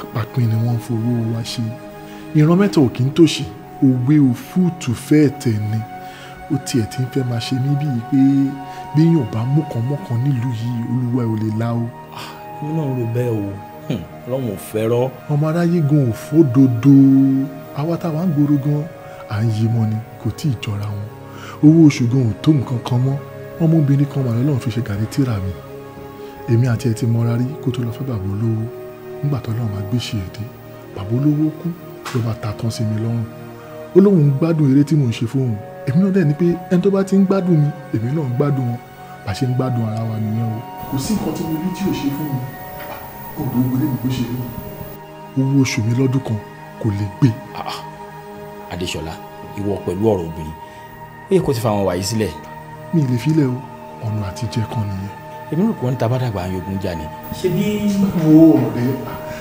àpapin ni wọ́n fowó wa ṣe ìran mẹ́ta ò kí ń tòṣì òwe òfúùtù fẹ́ẹ̀ tẹ̀ ni ó tiẹ̀ ti ń fẹ́ máa ṣe mí bíi pé béèyàn bá mọ̀kànmọ́kàn nílùú yìí olúwa ò lè la o. Ah, èmi náà ń ro bẹ́ẹ̀ o hmm, ọlọ́run ò fẹ́ rọ́. ọmọ aráyé gan ò fódodo àwa táwa ń gbòòrò gan à ń yí mọ́ ni kò tí ì jọra wọn owó oṣù gan ò tó nǹkan kan mọ́ ọmọbìnrin kan wà lọ́lọ́run fi ṣe gàrí tíra mi èmi àti ẹ ti mọra rí kó tó lọ fẹ́ bàbá olówó nígbà tó lọ́run máa gbé ṣe èdè bàbá olówó kú ló bá ta tán sí mi lọ́rùn ó lóun gbádùn eré tí mò ń ṣe fóun èmi náà dẹ̀ ni pé ẹni tó bá ti ń gbádùn mi èmi náà ń gbádùn wọn bá ṣe ń gbádùn ara wa nìyẹn o. kò sí nǹkan tí mo rí tí o ṣe fún mi òògùn ogun lèmi kò ṣe rí mi. owó oṣù mi lọ́dún kan kò lè gbé. Ah, Adéṣọlá ìwọ pẹ̀lú ọ̀rọ̀ obìnrin ó yẹ kó ti fa àwọn wàyí sílẹ̀. mi ì lè filẹ̀ o ọ̀nà àtijẹ kan nìyẹn. èmi rò pé wọ́n ń ta bàdàgbà àyọ̀gùn jà ni. ṣé bí wo ọ̀rẹ́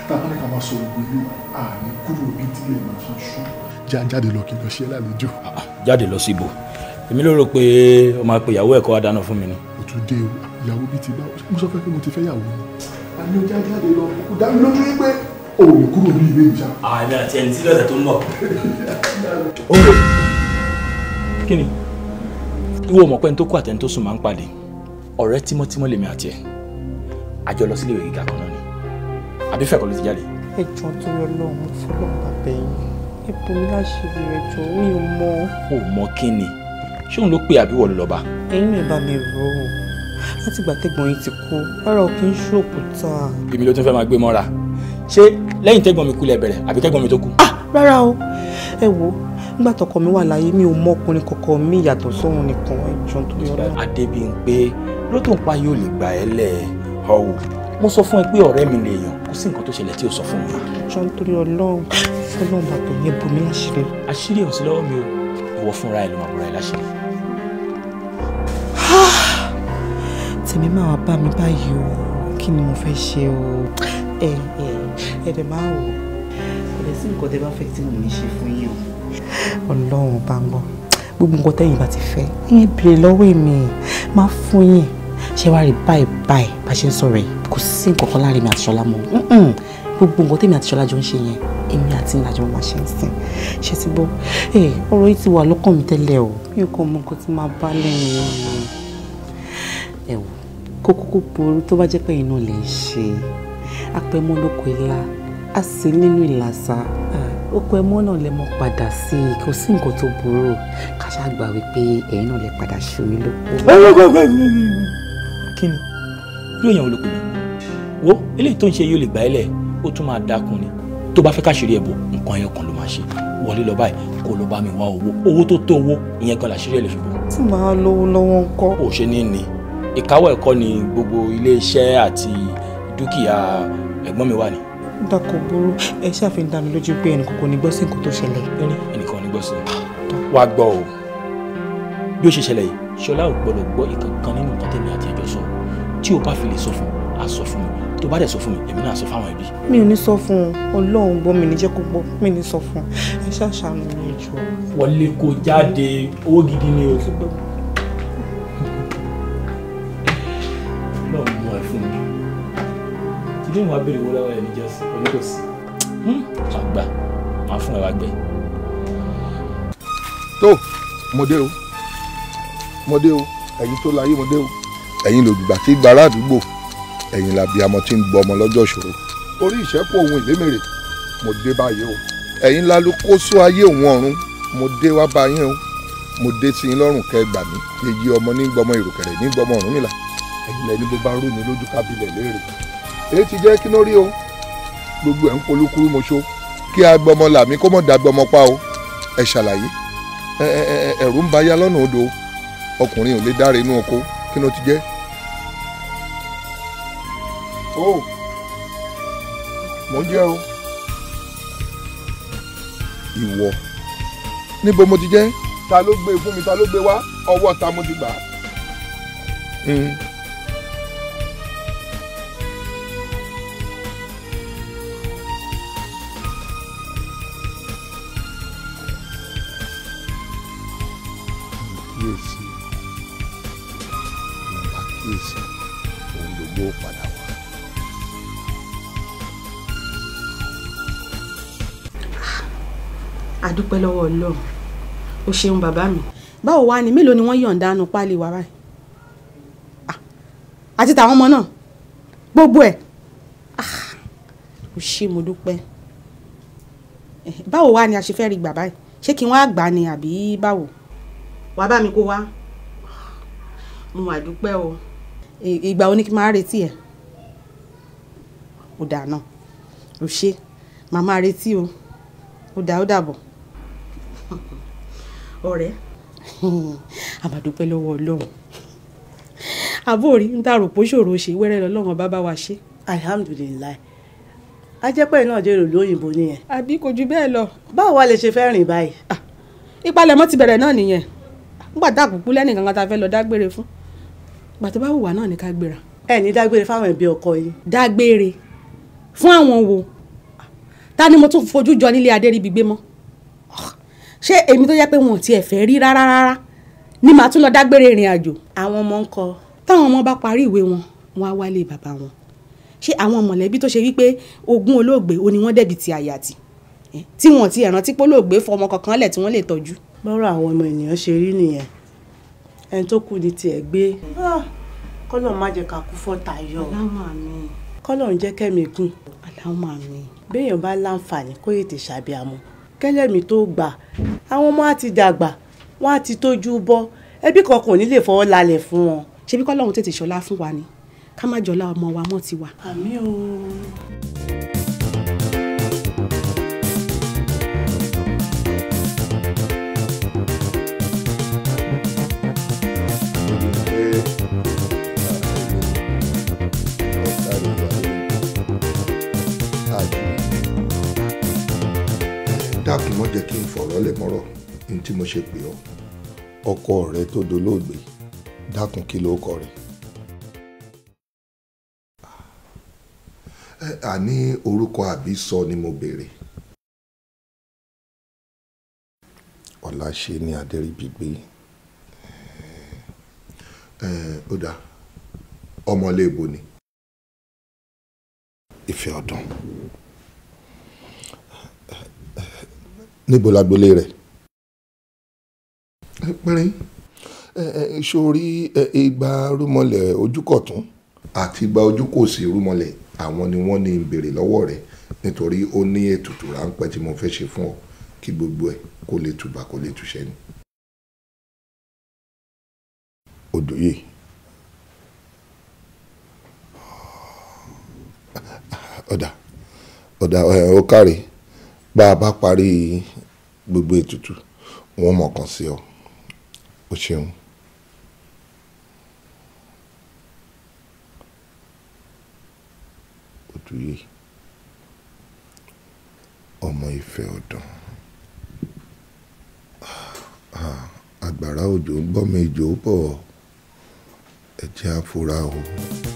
tàbí ká máa sọ ògùn ilé àná kúrò ní tí yorùbá kan sún. jáde lọ kí n lọ ṣe lálejò. Ah, jáde lọ síbò èmi ló rò pé o máa pe ìyàwó ẹ̀kọ́ adáná fún mi ni. o tún dé o ìyàwó bíi ti báwo mo sọ fẹ́ pé mo ti fẹ́ yàwó ni. àmì ọjà jáde lọ kò dá mi lójú wípé o ò ní kúrò ní ilé ìjà. àmì ah, àti ẹni tí lọ́sẹ̀ tó ń bọ̀. owó kí ni ìwọ mọ̀ pé ní tó kú àtẹni tó sùn máa ń pàdé ọ̀rẹ́ tímọ́tímọ́ lèmi àti ẹ̀ àjọ lọ sílé ìwé gíga kan náà ni àbí fẹ́ẹ̀kọ́ ló ti jáde ẹ̀jọ̀ tó yọ lọ́hùn mo fọlọ́ bàbá yín ẹ bò mí láṣìírí ẹ̀jọ̀ mi ò mọ. o mọ kí ni ṣé òun ló pè àbíwọ̀ lọ́ba. ẹ̀yin ẹ̀ bá mi rò ó láti ìgbà tẹ́gbọ̀n yín ti kú rárá o kì í ṣe òkúta. èmi ló tún fẹ́ máa gbé mọ́ra ṣé lẹ́yìn tẹ́gbọ̀n mi kú lẹ bẹ̀rẹ̀ àbí kẹ́gbọ̀n mi tó kú. ah rárá o ẹ wo nígbà tọkọ mi wà láyé mi ò mọ ọkùnrin kankan mi yàtọ̀ sóhun nìkan ẹ̀jọ̀ tó yọ lọ́hùn. adébíyìn pé lótò ń pa yóò lè gbà ẹ́ lẹ̀ ọ̀hún mo sọ fún ẹ pé ọ̀rẹ́ mi lèèyàn kò sí nǹkan tó ṣẹlẹ̀ tí o sọ fún mi. jọ nítorí ọlọ́run ọlọ́run bá kò ní bomi àṣírí. àṣírí ọ̀sìn lọ́wọ́ mi o ìwọ fúnra ẹ ló máa bọ̀rọ̀ ẹ láṣírí. tèmi máa wá bá mi báyìí o kí ni mo fẹ́ ṣe o ẹ ẹ ẹ dẹ̀ máa wò kò dẹ̀ sí nǹkan tẹ́ bá fẹ́ tí mo ní ṣe fún yín o. ọlọ́run bá ń gbọ́ gbogbo nǹkan tẹ́yìn bá ti fẹ́ ẹ̀yìn bèrè lọ́wọ́ èmi máa fún yín ṣé wàá rí báyìí báyìí bá ṣe ń sọ̀rọ̀ yìí kò sí nǹkan kan láàrin mi àti ṣọlá mọ́ gbogbo nǹkan tèmi àti ṣọlá jọ ń ṣe yẹn èmi àti ìlàjọ máa ṣe ń sìn ṣe ti gbọ́ eh, ọ̀rọ̀ yìí ti wà lọ́kàn mi tẹ́lẹ̀ o mi ò kàn mọ nǹkan tí máa bá lẹ́yìn ọ̀run ẹ wò kó kúkú burú tó bá jẹ́ pé iná lè ṣe apẹ̀mọ́ lóko ìlà a sì nínú ìlàsà ah, oko ẹmọ náà lè mọ padà sí i kò sí nǹkan tó burú ká gbà wípé ẹ̀yin náà lè padà ṣòrí lóko kí ni irú èèyàn wo ló pè mí wo eléyìí tó ń ṣe yìí ó lè gbà ẹ́ lẹ̀ ó tún máa dákun ni tó bá fẹ́ káṣírí ẹ̀ bò nǹkan ẹyọ kan ló máa ṣe wọlé lọ báyìí kó lọ bá mi wá owó owó tó tó owó ìyẹn gan làṣírí ẹ̀ lè fi bò. tí màá lówó lọ́wọ́ ń kọ́. ò ṣe ní ni ìkáwọ́ ẹ̀kọ́ ni gbogbo iléeṣẹ́ àti dúkìá ẹ̀gbọ́n mi wà ní. dako buru ẹ ṣàfihàn dá mi lójú pé ẹnì ní gbọ́ nǹkan tó ṣẹlẹ̀. ẹnì ní gbọ́ wàá gbọ́ o bí ó ṣe ṣẹlẹ̀ yìí ṣọlá ò gbọdọ̀ gbọ́ ìkankan nínú nǹkan tèmi àti ẹjọ́ sọ tí o bá fi lè sọ fún a sọ fún mi tó bá dẹ̀ sọ fún mi èmi náà sọ fáwọn ẹbí. mi ò ní sọ fún un ọlọ́run gbọ́ mi ní jẹ́ kó gbọ́ mi ní sọ fún un ẹ ṣàṣàmì ní ìjọ. wọlé kó jáde owó gidi ni o. náà mú ẹ fún mi ilé ìwà béèrè wọlé wọlé ní jẹ́sí oníkòsí àgbà máa fún ẹ wá gbẹ. tó mo dé o mọdé o ẹ̀yin tó láyé mọdé o ẹ̀yin lòdùgbà tí gbàrà àdúgbò ẹ̀yin làbí amọ̀ tí ń gbọ́ ọmọ lọ́jọ́ orí ìṣẹ́kù ohun ìlémèrè mo dé báyìí o ẹ̀yin la kó só ayé òun ọ̀run mo dé wá bá o mo dé sí yín lọ́rùn kẹgbà mí èyí ọmọ ní gbọmọ ìrùkẹ̀rẹ̀ ní gbọmọ ọ̀run nìlà ẹ̀yin lẹni bó bá rú ni lójú kábílẹ̀ léèrè èyí ti jẹ́ kí ló rí o gbogbo ẹ̀ ń polúkúrú mo ṣó kí a gbọmọ làmí kó mọ̀ dá pa o ẹ ṣàlàyé ẹ̀rù ń ba ya lọ́nà odò o ọkùnrin ò lè dáre inú oko kí ló ti jẹ́. o mò ń jẹ́ o. ìwọ níbo mo ti jẹ́. ta ló gbé e fún mi ta ló gbé e wá ọwọ́ ta mo ti gbà dúpẹ́ lọ́wọ́ ọlọ́run o ṣeun bàbá mi. báwo wá ni mélòó ni wọ́n yọ̀ǹda nu páálí wa báyìí ah, àti tàwọn ọmọ náà gbogbo ẹ̀ ah, o ṣe mo dúpẹ́ eh, báwo wá ni a ṣe fẹ́ rí gbà báyìí ṣé kí wọ́n á gbà ni àbí báwo. wàá bá mi kó wá mo mà dúpẹ́ o. ìgbà wo ni kí n máa retí ẹ̀ ó dáa náà ó ṣe màmá retí o ó dáa ó dàbọ̀ ọ̀rẹ́. àmàdúpẹ́ lọ́wọ́ ọlọ́run àbó rí ń tàrò pó ṣòro ṣe wẹ́rẹ́ lọ́lọ́run bá bá wa ṣe. alhamdulilayi ajẹ́pẹ́ náà dèrò lóyìnbó nìyẹn. àbí kò ju bẹ́ẹ̀ lọ. báwo wa lè ṣe fẹ́ rìn báyìí. Ah, ìpalẹ̀mọ́ ti bẹ̀rẹ̀ náà nìyẹn nígbà tá àkùkù lẹ́nìí kankan tá a fẹ́ lọ dágbére fún gbàtí bá wùwà náà ní ká gbéra. ẹ ní dágbére fáwọn ẹbí ọkọ yìí. dágbére fún àwọn wo ah, ta ni mo tún fojú jọ nílé adé rí gbígbé mọ́ ṣé èmi tó yẹ pé wọn ò tiẹ̀ fẹ́ rí rárá rárá ni màá tún lọ dágbére ìrìn àjò. àwọn ọmọ ń kọ táwọn ọmọ bá parí ìwé wọn wọn á wálé bàbá wọn ṣé àwọn mọ̀lẹ́bí tó ṣe wípé ogún olóògbé o ni wọ́n dẹ̀bi ti àyà tì tí wọ́n ti rántí pé olóògbé fọmọ kankan lẹ̀ tí wọ́n lè tọ́jú. bọ́rọ̀ àwọn ọmọ ènìyàn ṣe rí nìyẹn ẹni tó kù ní tiẹ̀ gbé ah, kọ́lọ̀ má jẹ́ ká kú fọ́tà yọ kọ́lọ̀ ń jẹ́ kẹ́mi gùn béèyàn bá láǹfààní kó ètè ṣàbíàmọ́ kẹ́lẹ́mì tó gbà àwọn ọmọ á ti dàgbà wọ́n á ti tójú bọ́ ẹbí kankan ò ní lè fọwọ́ lálẹ̀ fún wọn. ṣebí kọ́ lọ́run tètè ṣọlá fún wa ni ká má jọlá ọmọ wa mọ́ ti wa. àmì ooo. dákun mọ́ jẹ́ kí n fọ̀rọ̀ lẹ̀ mọ́rọ̀ ní tí mo ṣe pè ọ́ ọkọ rẹ tó dolóògbé dákun kí ló kọ rẹ. àní orúkọ àbí sọ ni mo béèrè. ọ̀làṣe ni adẹ́rìbígbé. ó dáa ọmọlé ibo ni. Ìfẹ́ ọdún. níbo lágbélé rẹ̀. ẹ pẹ́rín sórí igba rúmọlẹ̀ ojúkọ̀tún àti igba ojúkòsì rúmọlẹ̀ àwọn ni wọ́n ní béèrè lọ́wọ́ rẹ̀ nítorí ó ní ètùtù ráńpẹ́ tí mo fẹ́ ṣe fún ọ kí gbogbo ẹ̀ kó lè tùbà kó lè túṣẹ́ ni. odòye ọ̀dà ọ̀dà ọ̀kàrẹ̀ bá a bá parí gbogbo ètùtù wọn mọ̀ kàn sí ọ o ṣeun. òtúyè ọmọ ìfẹ́ ọ̀dàn ah, àgbàrá òjò ń bọ́ mi ìjò bọ̀ ẹ̀jẹ̀ àfúrá o. Ah, ah,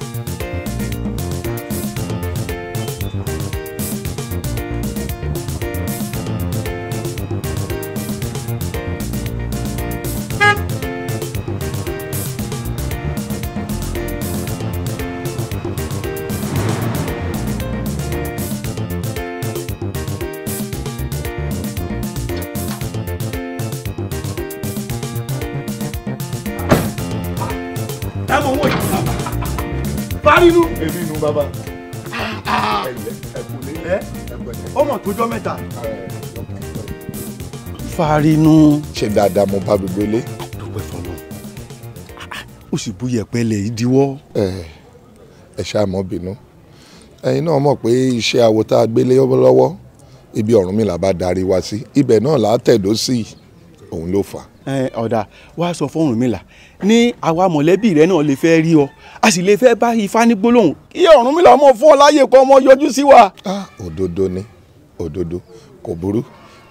fárí nú. ṣé dáadáa mo bá gbogbo ilé. àdúgbò fọlọ ó sì bú yẹpẹlẹ ìdíwọ́. ẹ ẹ ṣáàmọ bínú ẹ̀yin náà mọ̀ pé iṣẹ́ awo tá a gbélé lọ́wọ́ ibi ọ̀run mi là bá darí wa sí ibẹ̀ náà là á tẹ̀dó sí òun ló fà á ọ̀dà wá sọ fọ́rùn mi là ní àwa mọ̀lẹ́bí rẹ náà lè fẹ́ rí ọ a sì lè fẹ́ bá ifá ní gbólóhùn kí ọ̀run mi là mọ̀ fún ọ láyè kọ́ ọmọ yọjú sí wa. Ah, òdodo ni òdodo kò burú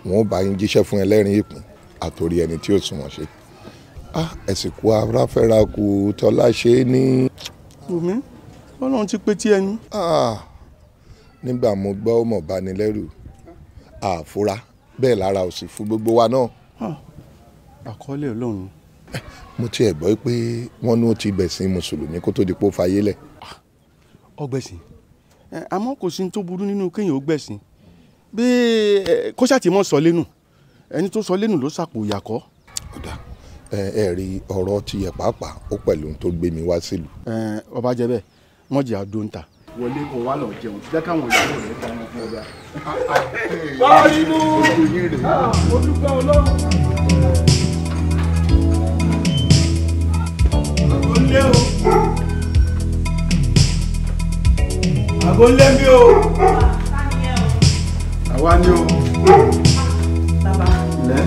wọn ò bá yín jíṣẹ́ fún ẹlẹ́rìn ìpín àtòrí ẹni tí ó sùn wọ́n ṣe. Ah, ẹ̀sìnkú aráfẹ́ra kù tọ́lá ṣe é ní. bùnmi ọlọ́run ti pé tí ẹnu. Ah, nígbà mo gbọ́ ọmọ banilẹ́rù àfúrá bẹ́ẹ̀ lára ò sì fún gbogbo wa náà. àkọọ́lẹ̀ ọlọ́run. Eh, mo tiẹ̀ gbọ́ pé wọ́n ní ó ti gbẹ̀sìn mùsùlùmí kó tó di pé ó fayé lẹ̀. Ah, ọgbẹ̀sìn eh, àmọ́ kò sí ní tó burú nínú kéèyàn ó gbẹ̀sìn bí kóṣà tí mọ̀ sọ lẹ́nu ẹni tó sọ lẹ́nu ló sàpò ìyàkọ́. ọ̀dà ẹ rí ọ̀rọ̀ ti yẹ pàápàá ó pẹ̀lú tó gbé mi wá sílùú. ọba jẹ bẹ́ẹ̀ wọn jẹ àdó ń ta. wọlé kò wá lọ jẹun jẹ káwọn ìyàwó rẹ bá wọn fún ọba. báyìí olùkọ́ ọlọ́run. agolé o agolé mi o àwa ni o. bàbá ilẹ̀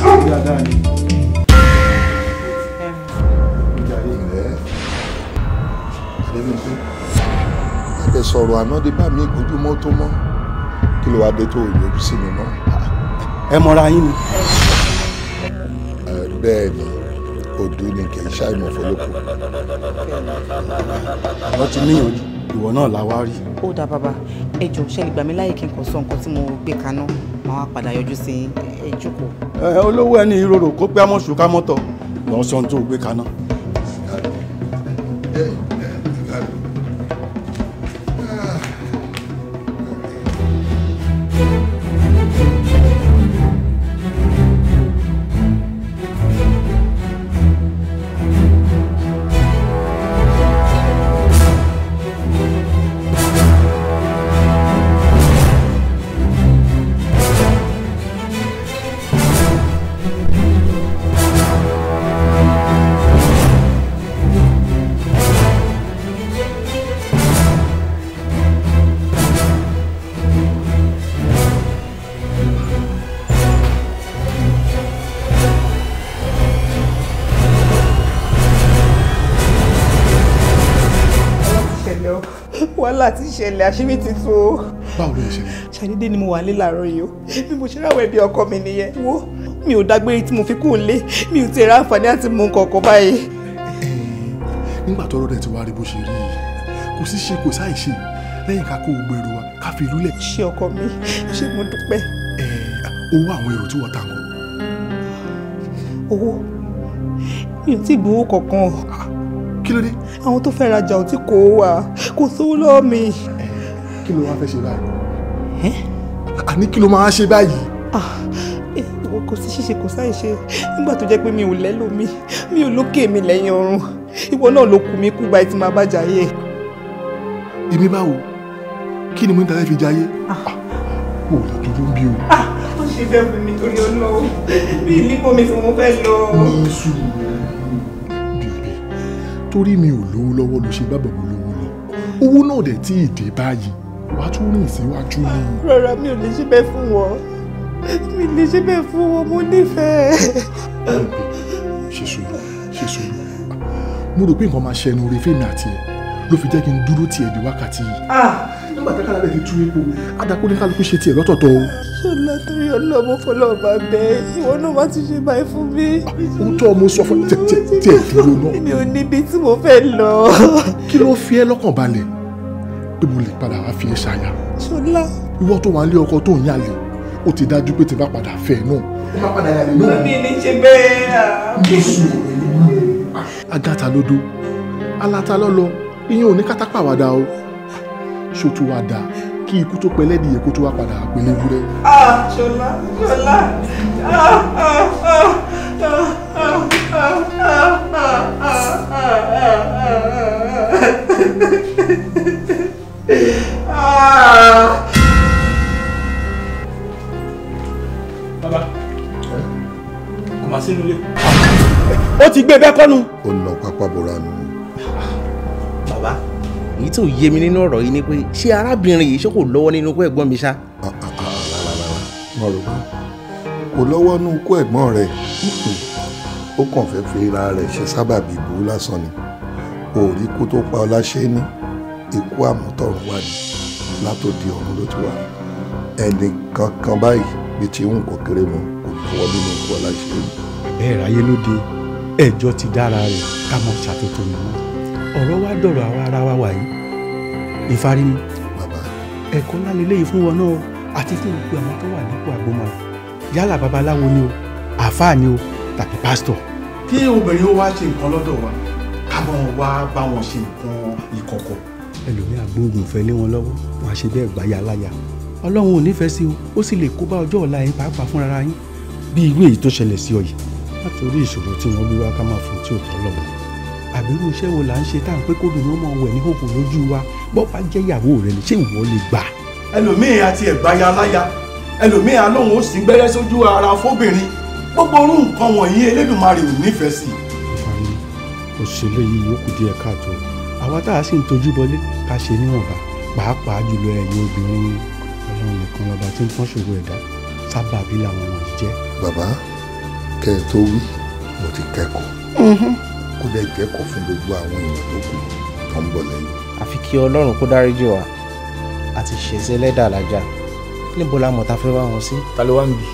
àwọn dáadáa ni. ẹ sọ̀rọ̀ àná dé bá mi ojúmọ́ tó mọ́ kí ló wá dé tó yọjú sí mi mọ́. ẹ mọ̀ra yín ni. bẹ́ẹ̀ ni òdu ni kì í ṣàìmọ̀ fọlọ́kù. wọ́n ti níyànjú ìwọ náà la wá rí. ó dáa bàbá ẹ jọ ṣe lè gbà mí láyè kí n kàn sọ nǹkan tí mo gbé kaná máa wá padà yọjú sí ẹ jókòó. ẹ olówó ẹni ìrorò kó pé amọ̀ṣù ká mọ́tọ̀ lọ́sàn tó gbé kaná. wàhálà ti ṣẹlẹ̀ àṣírí ti tú o. báwo ló ń ṣe. ṣàdédé ni mo wà nílé àárọ̀ yìí o bí mo ṣe ráwọ̀ ẹbí ọkọ mi nìyẹn wo mi ò dágbére tí mo fi kú lé mi ò tiẹ̀ rá àǹfààní àti mú kọ̀ọ̀kan báyìí. Eh, nígbà tọ́rọ̀ rẹ ti wá rí bó ṣe rí i kò sí ṣe kò sáì ṣe lẹ́yìn ká kó gbogbo èrò wa ká fi ìlú lẹ̀. ṣé ọkọ mi ṣé mo dúpẹ́. Eh, owó àwọn èrò tí wọ́n ta wọn. owó mi ò tí ì gbowó kankan. Ah, kí ló dé. àwọn tó fẹ́ rajà ò tí kò wá kò sówó lọ́wọ́ mi. kí ló wá fẹ́ ṣe báyìí. àní kí ló máa ṣe báyìí. Ah, kò sí ṣíṣe kò sáì ṣe nígbà tó jẹ́ pé mi ò lẹ́lò mi mi ò lókè mi lẹ́yìn ọ̀run ìwọ náà ló kù mí kú báyìí tí màá bá jayé. èmi báwo kí ni mo ń tẹ́lẹ̀ fi jayé. kò ah. ah, lè dúró bí o. ó ṣe bẹ́ẹ̀ fún mi torí ọlọ́wọ́ bí ìlú kò mi fún mo fẹ́ lọ. ní sùúrù bèbè torí mi ò lówó lọ́wọ́ ló ṣe bá bàbá owó náà dẹ̀ tí ì dé báyìí wà á tún rìn síwájú ni. rárá mi ò lè ṣe bẹ́ẹ̀ fún wọn mi ò lè ṣe bẹ́ẹ̀ fún wọn mo nífẹ̀ẹ́. ṣe sùúrù ṣe sùúrù mo rò pé nǹkan máa ṣẹnu orí fèmí àti ẹ ló fi jẹ́ kí n dúró tiẹ̀ di wákàtí yìí. Ah! nígbà tá kára rẹ̀ ti tú epo ádàkú ní kálukú ṣe tiẹ̀ lọ́tọ̀ọ̀tọ̀ o. ṣọlá torí ọlọ́mọ fọlọ́ọ̀bá bẹ ìwọ náà wá ti ṣe báyìí fún mi. Ah, ohun tó ọmọ sọ fún tiẹ̀ dúró náà. mi ò níbi tí mo fẹ́ lọ. kí ló fi ẹ́ lọ́kàn balẹ̀ pé mo lè padà wá fi ẹ́ ṣàyà. ṣọlá. ìwọ tó wà ń lé ọkọ tó ń yálè ó ti dájú pé tí bá padà fẹ́ náà. ó má padà yàrá náà. mi ní ṣe bẹ́ẹ̀. agata lodo alata lọlọ iyan ò ní kátápà wàdà o ṣó tún wá dáa kí ikú tó pẹ́ lẹ́dìyẹ kó tó wá padà àpèlé wúrẹ́. ṣọlá ṣọlá bàbá kò má sínú ilé. ó ti gbé bẹ́ẹ̀ kọ́nu. ó nà pápá bora nù èyí tí yé mi nínú ọ̀rọ̀ yìí ni pé ṣé arábìnrin yìí ṣé kò lọ́wọ́ nínú ikú ẹ̀gbọ́n mi ṣá. kò lọ́wọ́ nínú ikú ẹ̀gbọ́n rẹ̀ ó kàn fẹ́ fi ra rẹ̀ ṣe sábàbí ìbò lásán ni kò rí ikú tó pa ọláṣẹ́ ní ikú àmọ́tọ̀run wà ní látòdì ọ̀run ló ti wà ẹnì kankan báyìí bí ti ń kọ kéré mọ kò lọ́wọ́ nínú ikú ọláṣẹ́ ní. bẹ́ẹ̀ ráyé lóde ẹjọ́ ti dára rẹ̀ ká mọ̀ ṣàtúntò nìyẹn ọ̀rọ̀ wa dọ̀rọ̀ àwọn ara wa wà yìí ìfarimú ẹ̀kọ́ ńlá leléyìí fún wọn náà àti fún gbogbo àwọn tó wà nípò àgbọmọ rẹ yálà babaláwo ni o àáfàá ni o tàbí pásítọ̀. kí obìnrin ó wá ṣe nǹkan lọ́dọ̀ wa káwọn wá bá wọn ṣe nǹkan ìkọ̀kọ̀. ẹlòmíà gbóògùn fẹ́ lé wọn lọ́wọ́ wọn á ṣe bẹ́ẹ̀ gbáyà láyà ọlọ́run ò nífẹ̀ẹ́ sí o ó sì lè kó bá ọjọ́ ọ̀la yín pàápàá fúnra yín bí irú èyí tó ṣẹlẹ̀ sí ọ yìí látòrí ìṣòro tí wọ́n gbé wá ká máa fún tí ò tọ́ lọ́wọ́ àbí irú iṣẹ́ wo là ń ṣe tá à ń pé kóbìnrin ó mọ̀ wẹ̀ ní hòhò lójú wa bọ́ bá jẹ́ ìyàwó rẹ̀ ni ṣé ìwọ lè gbà. ẹlòmíín àti ẹ̀gbáya aláya ẹlòmíín alóhùn ó sì gbẹ́rẹ́ sójú ara fóbìnrin gbogbo orú nǹkan wọ̀nyí Elédùmarè ò nífẹ̀ẹ́ sí. ìfàmì òṣèlú yìí yóò kù díẹ̀ káàtó àwa tá a sì ń tojú bọlé ká ṣe níwọ̀nba pàápàá jùlọ ẹ̀yin obìnrin ọlọ́run nìkan kó dẹ̀ jẹ́ kó fún gbogbo àwọn èèyàn tó kù tó ń bọ̀ lẹ́yìn. àfi kí ọlọ́run kó dáríjì wa àti ṣèṣe lẹ́dà lájà níbo la mọ̀ tá fẹ́ wá wọn sí. ta ló wá ń bì